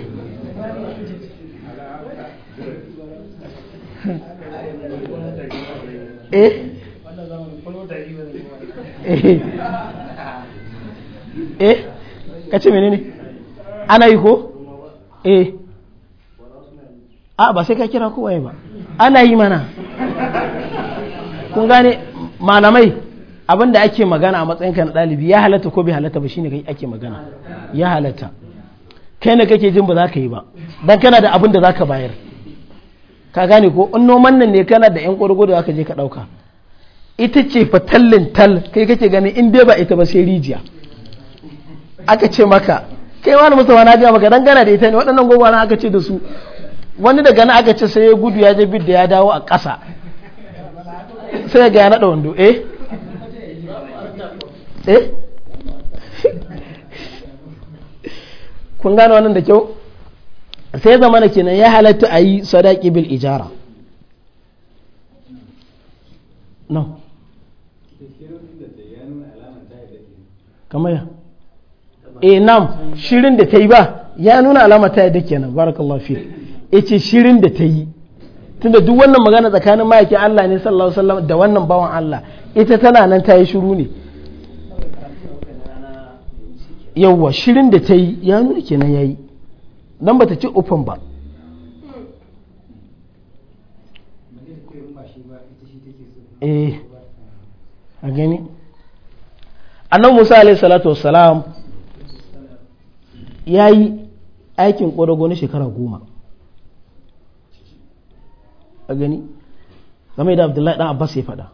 eh eh ka ce menene ana yi ko eh a ah, ba sai ka kira kowaye ba ana yi mana kun gane malamai abin da ake magana a matsayin na ɗalibi ya halatta ko bai halatta ba shine ake magana ya halatta kai ne kake jin ba za ka yi ba dan kana da abin da za ka bayar ka gane ko in noman nan ne kana da yan ƙwargo da aka je ka ɗauka ita ce fa tal kai kake gani in dai ba ita ba sai rijiya aka ce maka kai wani musamman wani gaya maka dan da ita ne waɗannan na aka ce da su wani daga na aka ce sai ya gudu ya je bid da ya dawo a ƙasa sai ga ya naɗa wando eh Eh? kun gano wannan da kyau sai na kenan ya halatta a yi sadaki bil ijara no kamar ya eh nam shirin da ta yi ba ya nuna alama ta yadda kenan barakallahu fi ce shirin da ta yi tunda duk wannan magana tsakanin ma'aikin Allah ne sallallahu alaihi wasallam da wannan bawan Allah ita tana nan ta yi shiru ne yawwa shirin da ta yi ya nuna kenan ya yi don ba ta ce ufan ba eh a gani annan musa alaihi salatu wassalam ya yi aikin ƙwadago na shekara goma a gani game da abdullahi ɗan abbas ya faɗa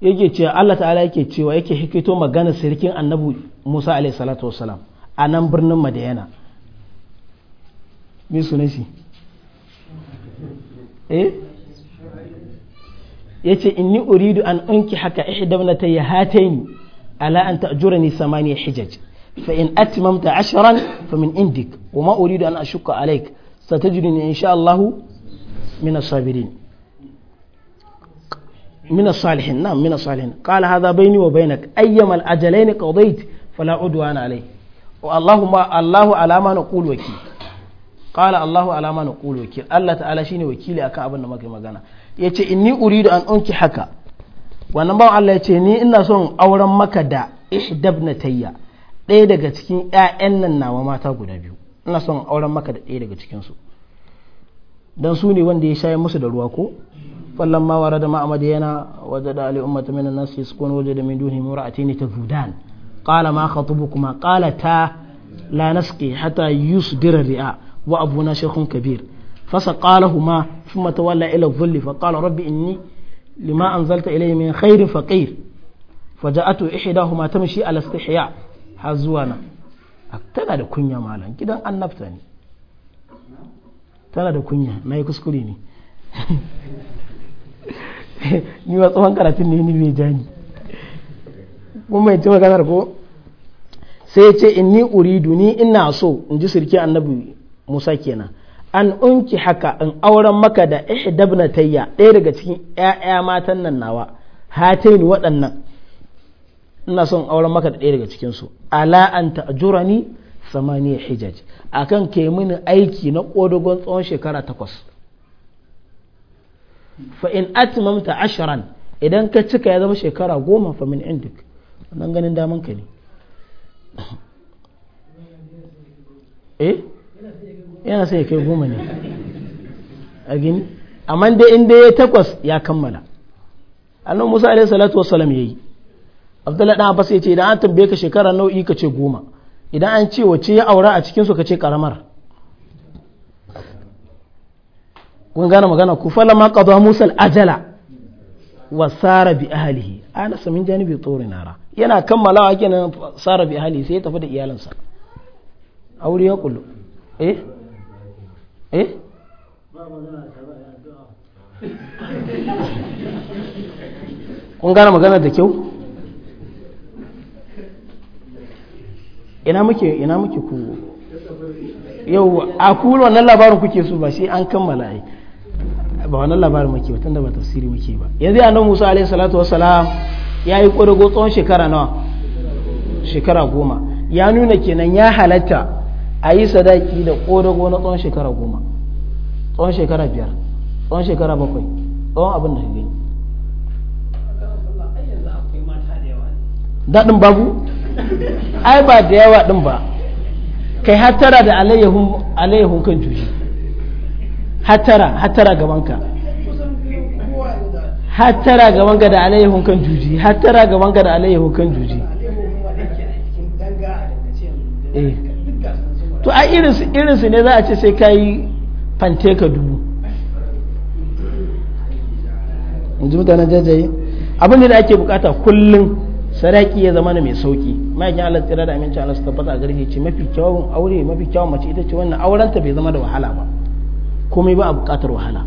yake ce Allah ta'ala yake cewa yake hikito magana sirkin annabi Musa alaihi salatu wassalam a nan birnin Madiyana me sunan shi eh yace inni uridu an unki haka ihdabnatay hatayn ala an ta'jurani samani hijaj fa in atmamta ashran fa min indik wa ma uridu an ashukka alayk satajiduni insha Allah min as-sabirin من الصالحين نعم من الصالحين قال هذا بيني وبينك أيما الأجلين قضيت فلا عدوان عليه ما الله على ما نقول وكيل قال الله على ما نقول وكيل الله تعالى شيني وكيل أكا أبن مكي مغانا yace inni uridu an unki haka wannan bawan Allah yace ni ina son auren maka da ihdabnatayya ɗaya daga cikin ƴaƴan nan nawa mata guda biyu ina son auren maka da ɗaya daga cikin su dan su ne wanda ya shaye musu da ruwa ko wallan ma wara da ma'amadi yana waje da al'ummata min nasu su kone waje da min duni mura ta zudan kala ma ka kuma kala ta lanaske hata yusu dira ri'a wa abu kabir fasa kala huma sun matawalla ila zulli fa kala rabbi inni lima an zalta ilai min khairin faqir fa ja'atu ihda huma tamshi ala istihya har zuwa nan tana kunya malam gidan annabta ne kuskure ni wa tsohon karatun ne ni bai jani kuma mai yace maganar ko sai ya ce ni uridu ni ina so in ji sirki annabi Musa kenan an unki haka in auren maka da na tayya ɗaya daga cikin ƴaƴa matan nan nawa hataini waɗannan ina son auren maka da ɗaya daga cikin su ala an ta'jurani samaniya hijaj akan ke mini aiki na kodogon tsawon shekara takwas fa in atmamta ashran idan ka cika ya zama shekara goma fa min indik nan ganin daman ka ne eh yana sai kai goma ne a gini amma dai in dai ya takwas ya kammala annan musa alaihi salatu wassalam yayi abdullahi dan abbas ya ce idan an tambaye ka shekara nau'i ka ce goma idan an ce wace ya aura a cikin su ka ce karamar kun gane magana ku fala ma qada musa al-ajala wa sara bi ahlihi ana samin janibi tsori nara yana kammalawa kenan sara bi ahlihi sai ya tafi da iyalansa aure ya kullu eh eh kun gane magana da kyau ina muke ina muke ku yau a kulo wannan labarin kuke so ba sai an kammala ai ba wannan labarin muke ba da ba tafsiri muke ba yanzu annabi Musa alayhi salatu wassalam yayi kodago tsawon shekara nawa shekara goma ya nuna kenan ya halatta a yi sadaki da kodago na tsawon shekara goma tsawon shekara biyar tsawon shekara bakwai tsawon abin da gani daɗin babu ai ba da yawa ɗin ba kai hattara da alayyahun kan juji hatara hatara gabanka hatara gabanka da alayyahun kan juji hatara gabanka da alayyahun kan juji eh. to a irinsu ne za a ce sai ka yi ka dubu in ji mutanen jajaye abin da ake bukata kullum saraki ya zama mai sauki ma'aikin Allah tsira da amincin Allah su tabbata a garfe ce mafi kyawun aure mafi kyawun mace ita ce wannan aurenta bai zama da wahala ba komai ba a bukatar wahala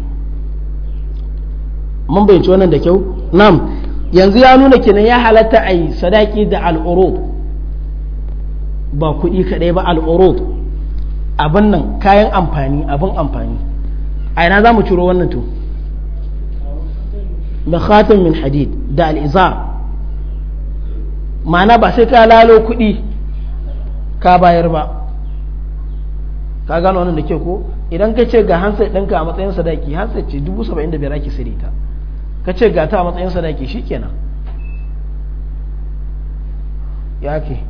mun bayyanci wannan da kyau nam yanzu ya nuna kenan ya halatta a yi sadaki da al'urud ba kuɗi kaɗai ba al'urud abin nan kayan amfani abin amfani a ina za mu ciro wannan to da khatim min hadid da al'iza ma'ana ba sai ka lalo kuɗi ka bayar ba ka gano wannan da kyau ko idan ka ce ga hansa ɗinka a matsayin sadaki hansa ce dubu saba'in da biyar ake siri ta ka ce ga ta a matsayin sadaki shi kenan ya ke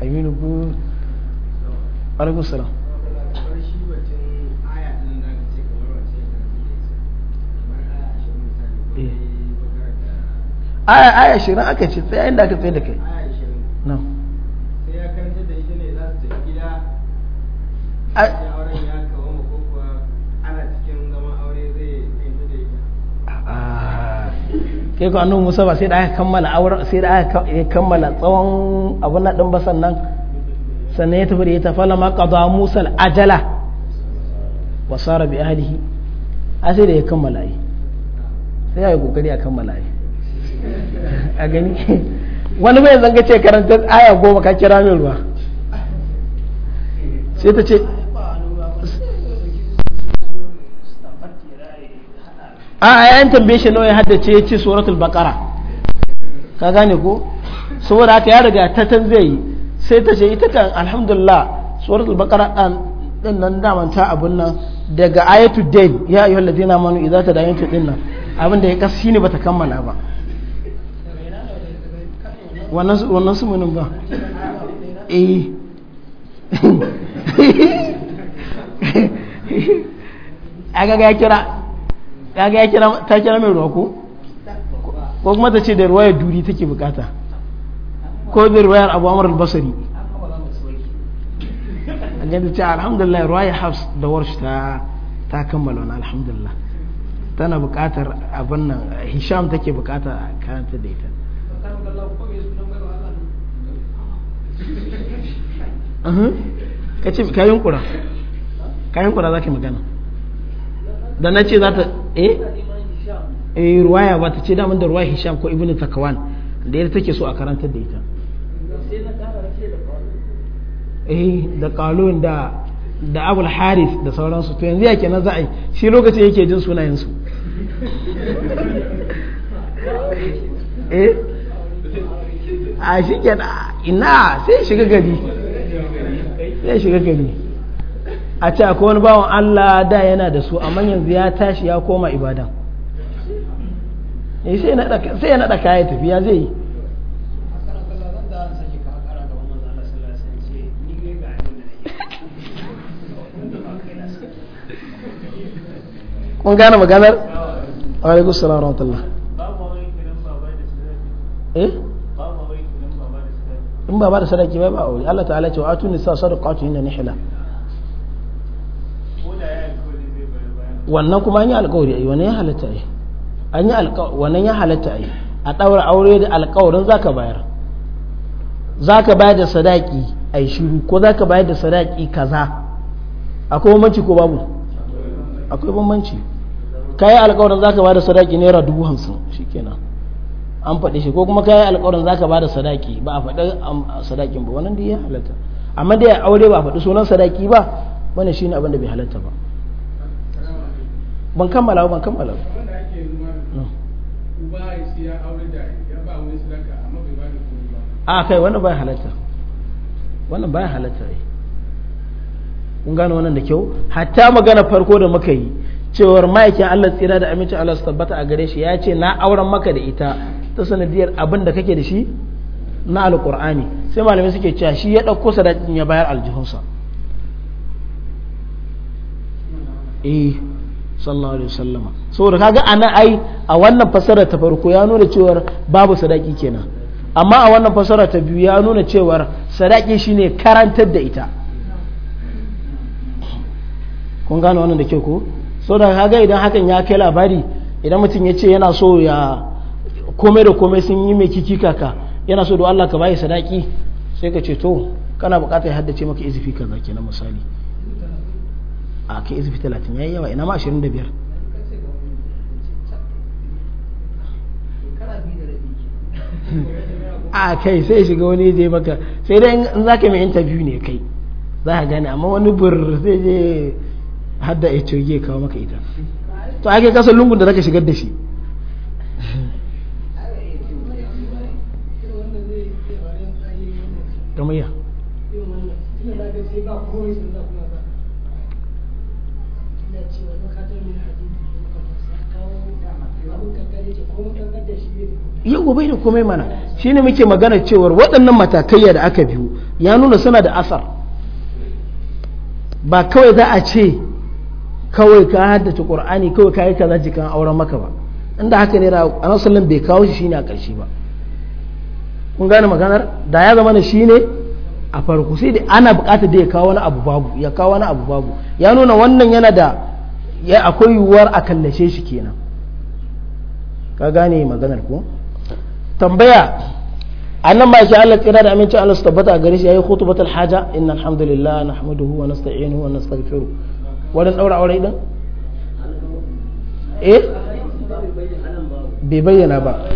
aminu ku alaikun salam eh. aya aya shirin aka ce tsaye inda aka tsaye da kai na sai ya karanta da ita ne za su tafi gida kai ko annabi Musa ba sai da aka kammala aure sai da aka kammala tsawon abu na nan ba sannan sannan ya tafi da ya tafala ma qada Musa al-ajala wa sara bi ahlihi a sai da ya kammala yi sai ya kokari a kammala yi a gani wani bai zanga ce karanta aya goma ka kira min ruwa sai ta ce a yan tambaye shi nawa ya haddace ya ce suratul baqara ka gane ko saboda haka ya riga ta tan zai yi sai ta ce ita kan alhamdulillah suratul baqara dan din nan daman ta abun nan daga ayatu dail ya ayyuhal ladina amanu idza tadayantu din nan abin da ya kasu ne bata kammala ba wannan wannan munin ba eh aga ga kira kaga ya kira ta kira mai ruwa ko ko kuma ta ce da ruwayar duri take bukata ko da ruwayar abu amur albasari an gani ce alhamdulillah ruwayar hafs da warsh ta ta kammala wani alhamdulillah tana bukatar abin nan hisham take bukata karanta da ita ka ce kayan kura kayan kura za ka magana da na ce za ta eh eh ruwaya ba ta ce daman da ruwaya hisham ko ibnu takawan da yadda take so a karanta da ita eh da kalon da da abul haris da sauransu to yanzu ya kenan za a yi shi lokacin yake jin sunayen su eh a shi kenan ina sai shiga gari sai shiga gari a ce akwai wani bawan Allah da yana da su amma yanzu ya tashi ya koma ibadan eh, sai ya naɗa kayan tafiya zai yi kun gane maganar alaikun salam rahmatullah eh in ba ba da sadaki ba ba aure Allah ta'ala ce wa atu nisa sadaqatu inna nihla wannan kuma an yi alkawari ai wannan ya halatta ai an yi wannan ya halatta ai a daura aure da alkawarin zaka bayar zaka bayar da sadaki ai shiru ko zaka bayar da sadaki kaza akwai bambanci ko babu akwai bambanci kayi alkawarin zaka bayar da sadaki naira dubu hamsin shikenan an faɗi shi ko kuma kayi alkawarin zaka bayar da sadaki ba a faɗi sadakin ba wannan dai ya halatta amma da aure ba a faɗi sunan sadaki ba wannan shine abin da bai halatta ba ban kammala ban kammala a kai wannan bai halatta wannan bai halatta ne eh. kun gano wannan da kyau hatta magana farko da muka yi cewar ma'aikin Allah tsira da amincin Allah su tabbata a gare shi ya ce na auren maka da ita ta sanadiyar abin da kake da shi na alƙur'ani sai malamai suke cewa shi ya ɗauko sadakin ya bayar aljihunsa eh sallallahu alaihi wasallama saboda kaga ana ai a wannan fasara ta farko ya nuna cewar babu sadaki kenan amma a wannan fasara ta biyu ya nuna cewar sadaki shine karantar da ita kun gane wannan da kyau ko saboda kaga idan hakan ya kai labari idan mutum ya ce yana so ya komai da komai sun yi mai kiki kaka yana so da Allah ka bayi sadaki sai ka ce to kana bukatar haddace maka izifi kaza kenan misali a kai izifi talatin ya yi yawa ina ma ashirin da biyar a kai sai shiga wani je maka sai dai in za ka mai interview ne kai za ka gane amma wani bur sai je hadda ya coge kawo maka ita to ake kasar lungun da zaka shigar da shi kamar ya yau gobe da komai mana shine muke magana cewar waɗannan matakaiya da aka biyu ya nuna suna da asar ba kawai za a ce kawai ka haddace ƙor'ani kawai ka yi zaji kan auren maka ba inda haka ne a sallallahu bai kawo shi shine a ƙarshe ba kun gane maganar da ya zama shine a farko sai da ana buƙatar da ya kawo wani abu babu ya kawo wani abu babu ya nuna wannan yana da ya akwai yiwuwar a kallashe shi kenan ka gane maganar ko tambaya annan ba shi Allah kira da amincin Allah su tabbata a gare shi yayi khutbatul haja innal hamdulillah nahmaduhu wa nasta'inuhu wa nastaghfiruh wannan daura aure din eh bai bayyana ba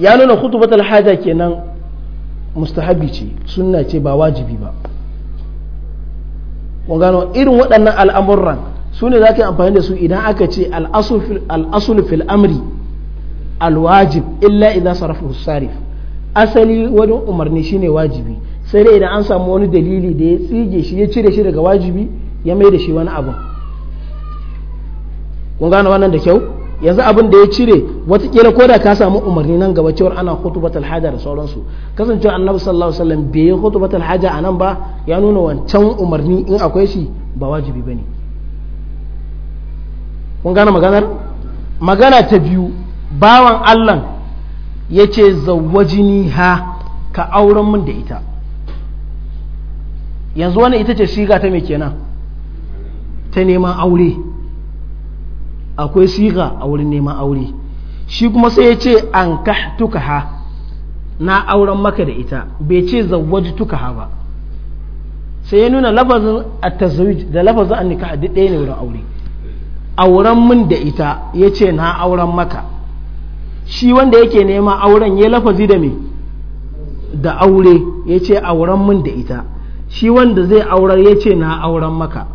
ya nuna khutbatul haja kenan mustahabi ce sunna ce ba wajibi ba kun gano irin waɗannan al'amuran su ne za ka yi amfani da su idan aka ce al'asul fil amri alwajib illa idan sarafu sarif asali wani umarni shine wajibi sai dai idan an samu wani dalili da ya tsige shi ya cire shi daga wajibi ya mai da shi wani abu kun gane wannan da kyau yanzu abin da ya cire watakila ko da ka samu umarni nan gaba cewar ana hutubatul haja da sauransu kasancewa annabi sallallahu alaihi wasallam bai yi haja a nan ba ya nuna wancan umarni in akwai shi ba wajibi bane kun gane maganar magana ta biyu bawan Allah ya ce zawajini ha ka auren min da ita yanzu wani ita ce shiga ta mai kenan ta neman aure akwai shiga a wurin neman aure shi kuma sai ya ce an tuka ha na auren maka da ita bai ce zawaji tuka ha ba sai ya nuna lafazin a tazawij da lafazin an nikah duk ɗaya ne wurin aure auren min da ita ya ce na auren maka shi wanda yake nema auren ya lafazi da me da aure ya ce auren min da ita shi wanda zai aurar ya ce na auren maka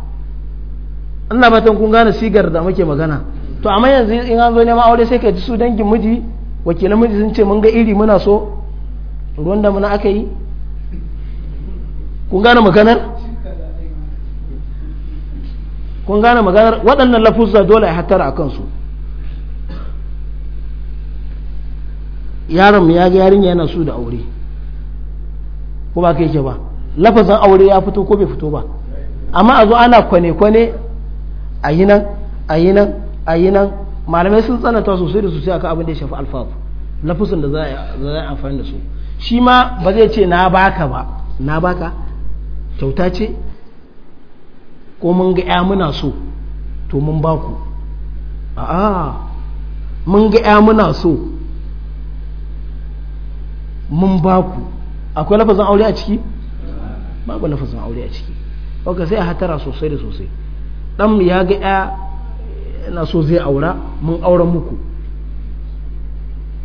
ina fatan kun gane sigar da muke magana to amma yanzu in an zo neman aure sai ka ji su dangin miji wakilan miji sun ce mun ga iri muna so ruwan da muna aka yi kun gane maganar kun gane maganar waɗannan lafuzza dole a hattara a kansu yaron mu ya ga yarinya yana so da aure ko ba kai ke ba lafazin aure ya fito ko bai fito ba amma a zo ana kwane kwane a yi nan a yi nan a yi nan malamai sun tsananta sosai da sosai akan abin da ya shafi alfafu lafazin da za a yi amfani da su shi ma ba zai ce na baka ba na baka kyauta ce ko mun ga ya muna so to mun baku a'a mun ga ya muna so mun ba ku akwai lafazin aure a ciki babu lafazin aure a ciki ok sai a hatara sosai da sosai dan ya ga ya na so zai aura mun auren muku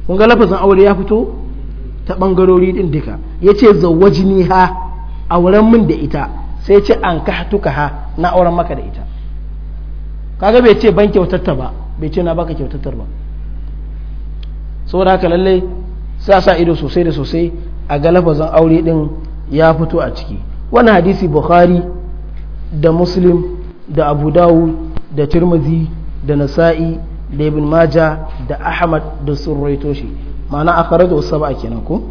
kun ga lafazin aure ya fito ta bangarori din duka ya ce zawajini ha auren min da ita sai ce an ka tuka ha na auren maka da ita kaga bai ce ban kyautatta ba bai ce na baka kyautattar ba saboda haka lallai sa sa ido sosai da sosai a ga aure din ya fito a ciki wani hadisi bukhari da muslim da abu dawud da tirmidhi da nasa'i da ibn maja da ahmad da surraito shi ma'ana a kare da wasu a kenan ko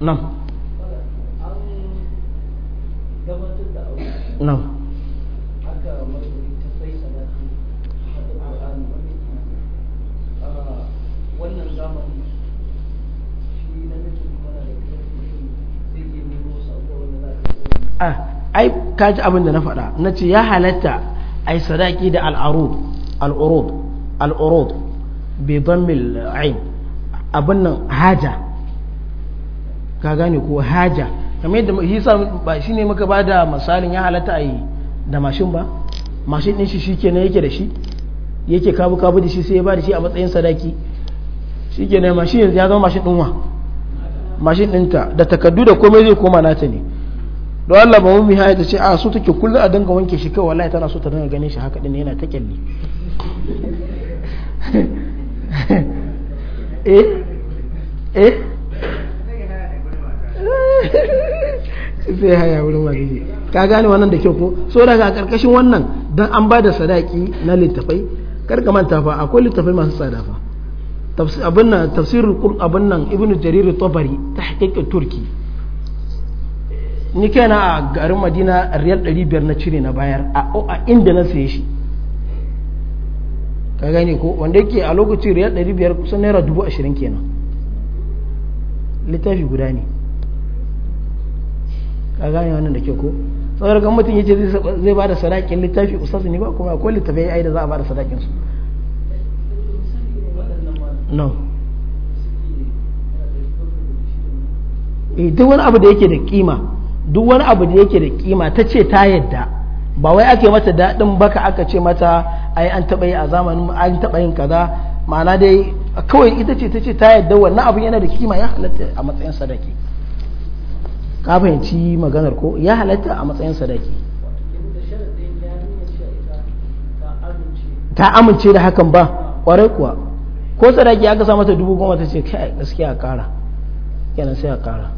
nan Ah, ai kaji abin da na faɗa na ce ya halatta ai sadaki da al'arud al'urud al'urud bi dhammil abin nan haja ka gane ko haja kamar yadda sa ba shine muka bada misalin ya halatta ai da mashin ba mashin din shi shikenan yake da shi yake kabu kabu da shi sai ya bada shi a matsayin sadaki shikenan mashin yanzu ya zama mashin din wa mashin ɗinta da takardu da komai zai koma nata ne da Allah ba mummi haya ce a so take kullum a danga wanke shi kawai wallahi tana so ta danga ganin shi haka din yana ta kyalli eh eh sai haya wurin magiji ka gane wannan da kyau ko so daga karkashin wannan dan an bada sadaki na littafai kar ka manta fa akwai littafai masu tsada fa abin nan tafsirul qur'an abin nan ibnu jarir tabari tahqiq turki ni kaina a garin madina riyal 500 na cire na bayar a inda na saye shi ka gane ko wanda yake a lokacin riyal 500 kusan naira 20,000 kenan littafi guda ne ka gane wannan da ke ko tsawar kan mutum yace zai ba da sadakin littafi usasu ne ba kuma akwai ya yi da za a ba da sadakin su no eh duk wani abu da yake da kima duk wani abu da yake da kima ta ce ta yadda ba wai ake mata daɗin baka aka ce mata ai an taɓa yi a zamanin an taɓa yin kaza ma'ana dai kawai ita ce ta ce ta yadda wannan abu yana da kima ya halatta a matsayin sadaki ka fahimci maganar ko ya halatta a matsayin sadaki ta amince da hakan ba kwarai kuwa ko sadaki aka sa mata dubu goma ta ce kai gaskiya a kara kenan sai a kara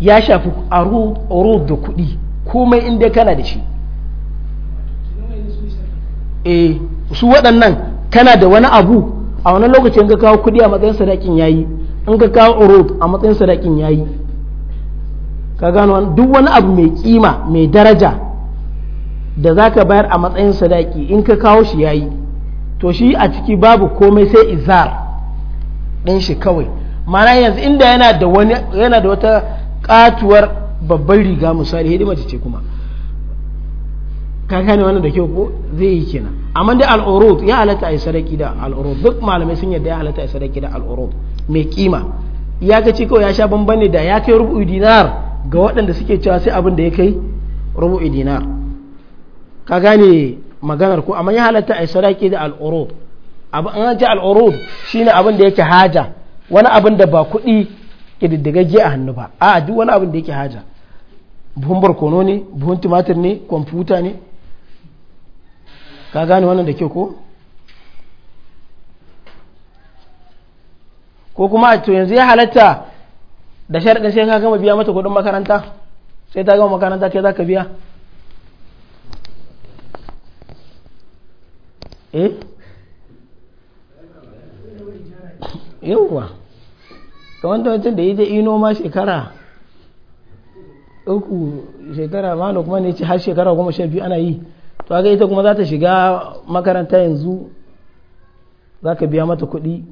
ya shafi aro da kuɗi komai inda kana da shi eh su waɗannan kana da wani abu a wani lokacin ka kawo kuɗi a matsayin sadakin yayi in ka kawo aro a matsayin sadakin yayi ka gano duk wani abu mai kima mai daraja da za ka bayar a matsayin sadaki in ka kawo shi yayi to shi a ciki babu komai sai izar ɗin shi kawai mana yanzu inda da yana da wata katuwar babban riga misali hidima ce kuma ka gane wannan da kyau ko zai yi kenan amma dai al'urud ya halatta a yi sadaki da al'urud duk malamai sun yadda ya halatta a yi sadaki da al'urud mai kima ya ga ci kawai ya sha bamban ne da ya kai rubu dinar ga waɗanda suke cewa sai abin da ya kai rubu dinar ka gane maganar ko amma ya halatta a yi sadaki da al'urud abu an ji al'urud shine abin da yake haja wani abin da ba kuɗi ƙididdigagge a hannu ba a duk wani abin da yake haja buhun barkono ne buhun tumatir ne kwamfuta ne ka gane wannan da ke ko ko kuma a to yanzu ya halatta da sharaɗin sai ka gama biya mata kudin makaranta sai ta gama makaranta kai za ka biya eh yawwa kamar da wancan da ya je ino ma shekara uku shekara ma da kuma ne ce har shekara goma sha biyu ana yi to haka ita kuma za ta shiga makaranta yanzu za ka biya mata kuɗi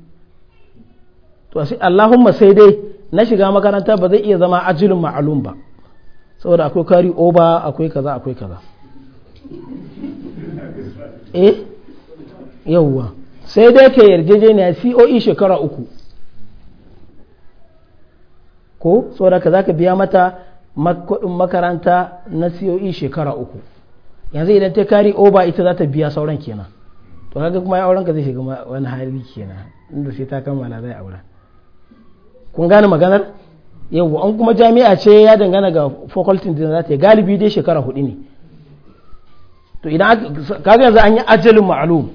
to sai allahumma sai dai na shiga makaranta ba zai iya zama ajilin ma'alum ba saboda akwai kari oba akwai kaza akwai kaza eh yawwa sai dai ka yarjejeniya coe shekara uku ko saboda ka zaka biya mata kuɗin makaranta na COE shekara uku yanzu idan ta kari oba ita za ta biya sauran kenan to kaga kuma auren ka zai shiga wani hali kenan inda sai ta kammala zai aura kun gane maganar yau an kuma jami'a ce ya dangana ga faculty da za ta yi galibi dai shekara hudu ne to idan kaga yanzu an yi ajalin ma'alum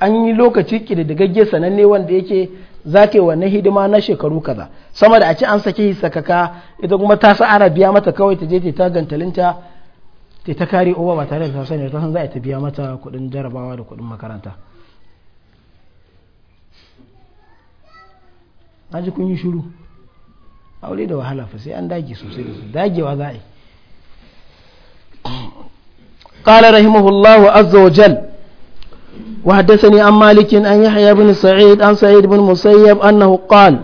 an yi lokaci kididdigagge sananne wanda yake za ta yi wannan hidima na shekaru kaza sama da a ci an sake sakaka ita kuma ta sa ana biya mata kawai ta je ta ta gantalinta ta ta kare uwa ba tare da ta sani ta san za a ta biya mata kuɗin jarabawa da kuɗin makaranta na ji kun yi shiru aure da wahala fa sai an dage sosai da su dagewa za a yi قال رحمه الله عز وجل وحدثني عن مالك أن يحيى بن سعيد عن سعيد بن مسيب أنه قال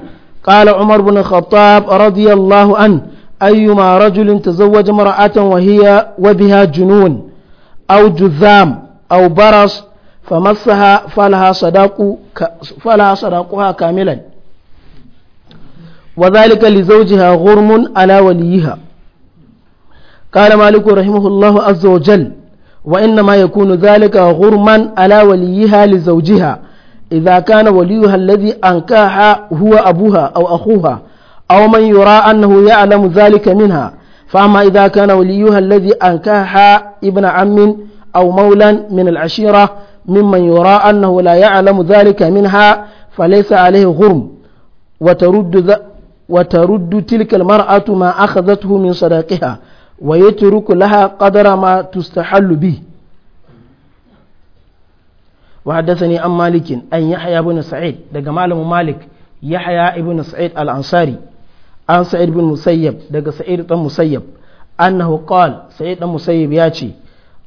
قال عمر بن الخطاب رضي الله عنه أيما رجل تزوج امرأة وهي وبها جنون أو جذام أو برص فمسها فلها صداق فلها صداقها كاملا وذلك لزوجها غرم على وليها قال مالك رحمه الله عز وجل وإنما يكون ذلك غرما على وليها لزوجها إذا كان وليها الذي أنكاها هو أبوها أو أخوها أو من يرى أنه يعلم ذلك منها فأما إذا كان وليها الذي أنكاها ابن عم أو مولا من العشيرة ممن يرى أنه لا يعلم ذلك منها فليس عليه غرم وترد, وترد تلك المرأة ما أخذته من صداقها wa yatruku laha qadara ma tusta bi wa haddathani an malikin an yahya ibn sa'id daga malamin malik yahya ibn sa'id al-ansari an sa'id ibn musayyab daga sa'id dan musayyab annahu qala sa'id dan musayyab ya ce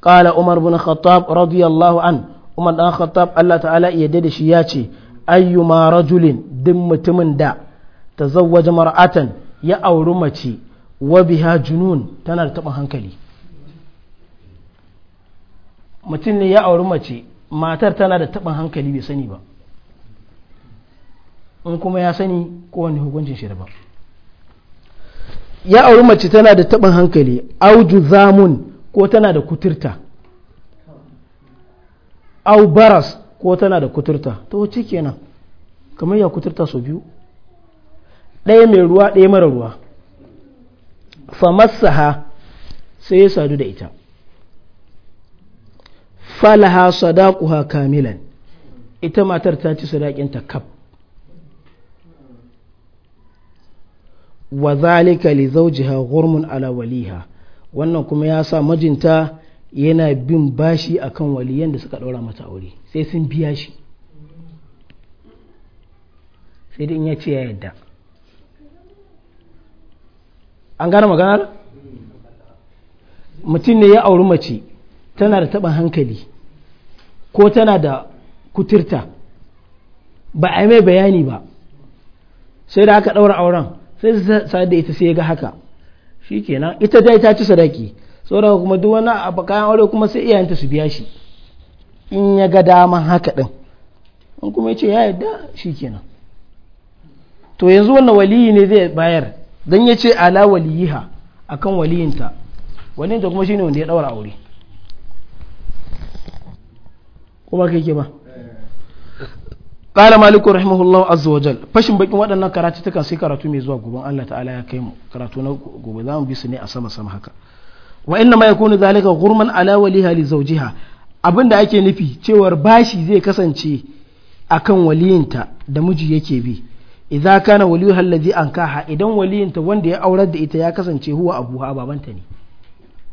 qala umar ibn khattab radiyallahu an umar dan khattab Allah ta'ala ya da shi ya ce ayyuma rajulin duk mutumin da tazawwaja mar'atan ya auri mace wa biha junun tana da taɓa hankali mutum ne ya auri mace matar tana da taɓa hankali bai sani ba in kuma ya sani kowane hukuncin shi ba ya auri mace tana da taɓa hankali auju zamun ko tana da kuturta au baras ko tana da kuturta to wace kenan kamar ya kuturta sau biyu ɗaya mai ruwa ɗaya mara ruwa famassaha sai ya sadu da ita falaha sadaquha kamilan ita matar ta ci sadakinta kaf wa zalika li zawjiha ghurmun ala waliha wannan kuma ya sa mijinta yana bin bashi akan waliyan da suka ɗaura mata aure sai sun biya shi sai dai in ya ce ya yadda an gane maganar mutum ne ya auri mace tana da taɓa hankali ko tana da kuturta ba a yi mai bayani ba sai da aka ɗaura auren sai sa da ita sai ya ga haka shi kenan ita dai ta ci sadaki saboda kuma duk wani abu kayan aure kuma sai iyayenta su biya shi in ya ga dama haka ɗin in kuma ya ce ya yarda shi kenan to yanzu wannan waliyi ne zai bayar dan ya ce ala waliyiha akan waliyinta waliyinta kuma shine wanda ya daura aure ko ba kai ke ba قال مالك رحمه الله bakin waɗannan karatu tukan sai karatu mai zuwa gobe Allah ta'ala ya kai mu karatu na gobe zamu bi su ne a sama sama haka wa inna ma yakunu zalika ghurman ala waliha li zawjiha abinda ake nufi cewar bashi zai kasance akan waliyinta da miji yake bi idza kana waliyuha allazi ankaha idan waliyinta wanda ya aurar da ita ya kasance huwa abuha babanta ne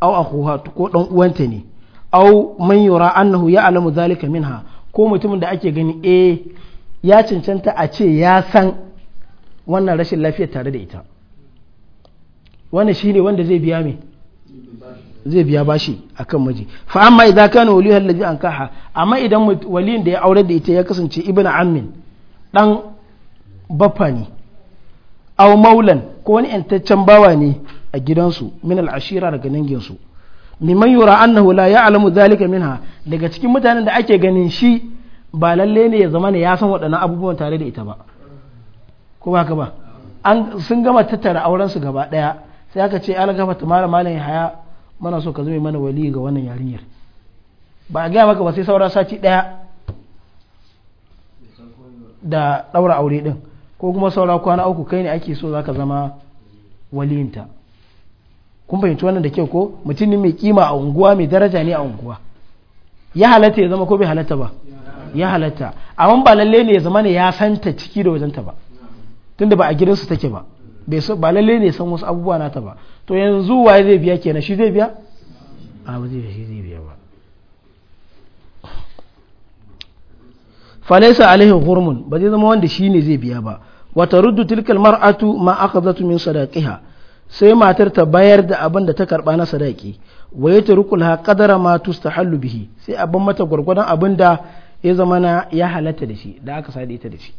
aw akhuha ko dan uwanta ne aw man yura annahu ya'lamu zalika minha ko mutumin da ake gani eh ya cancanta a ce ya san wannan rashin lafiya tare da ita wannan shine wanda zai biya me zai biya bashi akan miji fa amma idza kana waliyuha allazi ankaha amma idan waliyin da ya aurar da ita ya kasance ibnu ammin dan baffa ne a maulan ko wani yantaccen bawa ne a gidansu min al'ashira daga ninginsu mimman yura annahu ya alamu zalika minha daga cikin mutanen da ake ganin shi ba lalle ne ya zama ne ya san waɗannan abubuwan tare da ita ba ko ba ka ba sun gama tattara auren su gaba daya sai aka ce algafa tamara malam haya mana so ka zama mana wali ga wannan yarinyar ba a gaya maka ba sai saura sati daya da daura aure din ko kuma saura kwana uku kai ne ake so zaka zama walinta kun fahimci wannan da kyau ko mutum ne mai kima a unguwa mai daraja ne a unguwa ya halatta ya zama ko bai halatta ba ya halatta amma ba lalle ne ya zama ne ya santa ciki da wajenta ba tunda ba a gidansu take ba bai so ba lalle ne san wasu abubuwa nata ba to yanzu waye zai biya kenan shi zai biya a ba zai shi zai biya ba falaisa alaihi hurmun ba zai zama wanda shi ne zai biya ba Wata ruddu tilkal mar'atu ma akhadhatu min sadaqiha sai matar ta bayar da abin da ta karba na sadaki ta yatrukul ha qadara ma tustahallu bihi sai abin mata gwargwadon abin da ya zama na ya halatta da shi da aka sadi ita da shi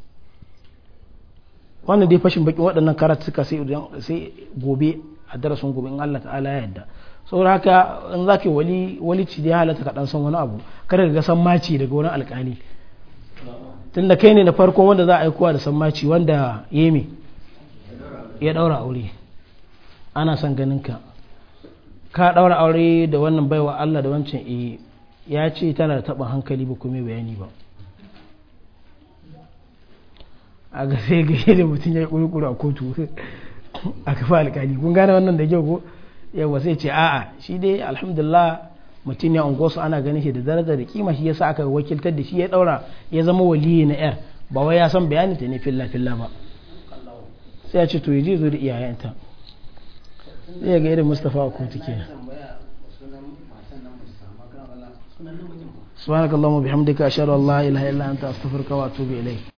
wannan dai fashin baki waɗannan karatuka sai sai gobe a darasin gobe in Allah ta'ala ya yarda saboda haka in za ka wali walici da ya halatta ka dan san wani abu kada ka ga san maci daga wani alƙali tun da kai ne na farko wanda za a yi kowa da sammaci wanda yemi ya ɗaura aure ana son ganin ka ka daura aure da wannan baiwa Allah da wancan eh ya ce tana da taɓa hankali ba kuma bayani ba a ga sai ga da mutum ya yi a kotu a kafa alkali kun gane wannan da kyau ko yawa sai ce a'a shi dai alhamdulillah mutum ne unguwarsu ana ganin shi da daraja da kima shi ya sa aka wakiltar da shi ya daura ya zama waliyi na yar ba wai ya san bayanin ta ne filla filla ba sai ya ce to yaje zo da iyayenta zai ga irin Mustafa ko take سبحانك اللهم وبحمدك أشهد أن لا إله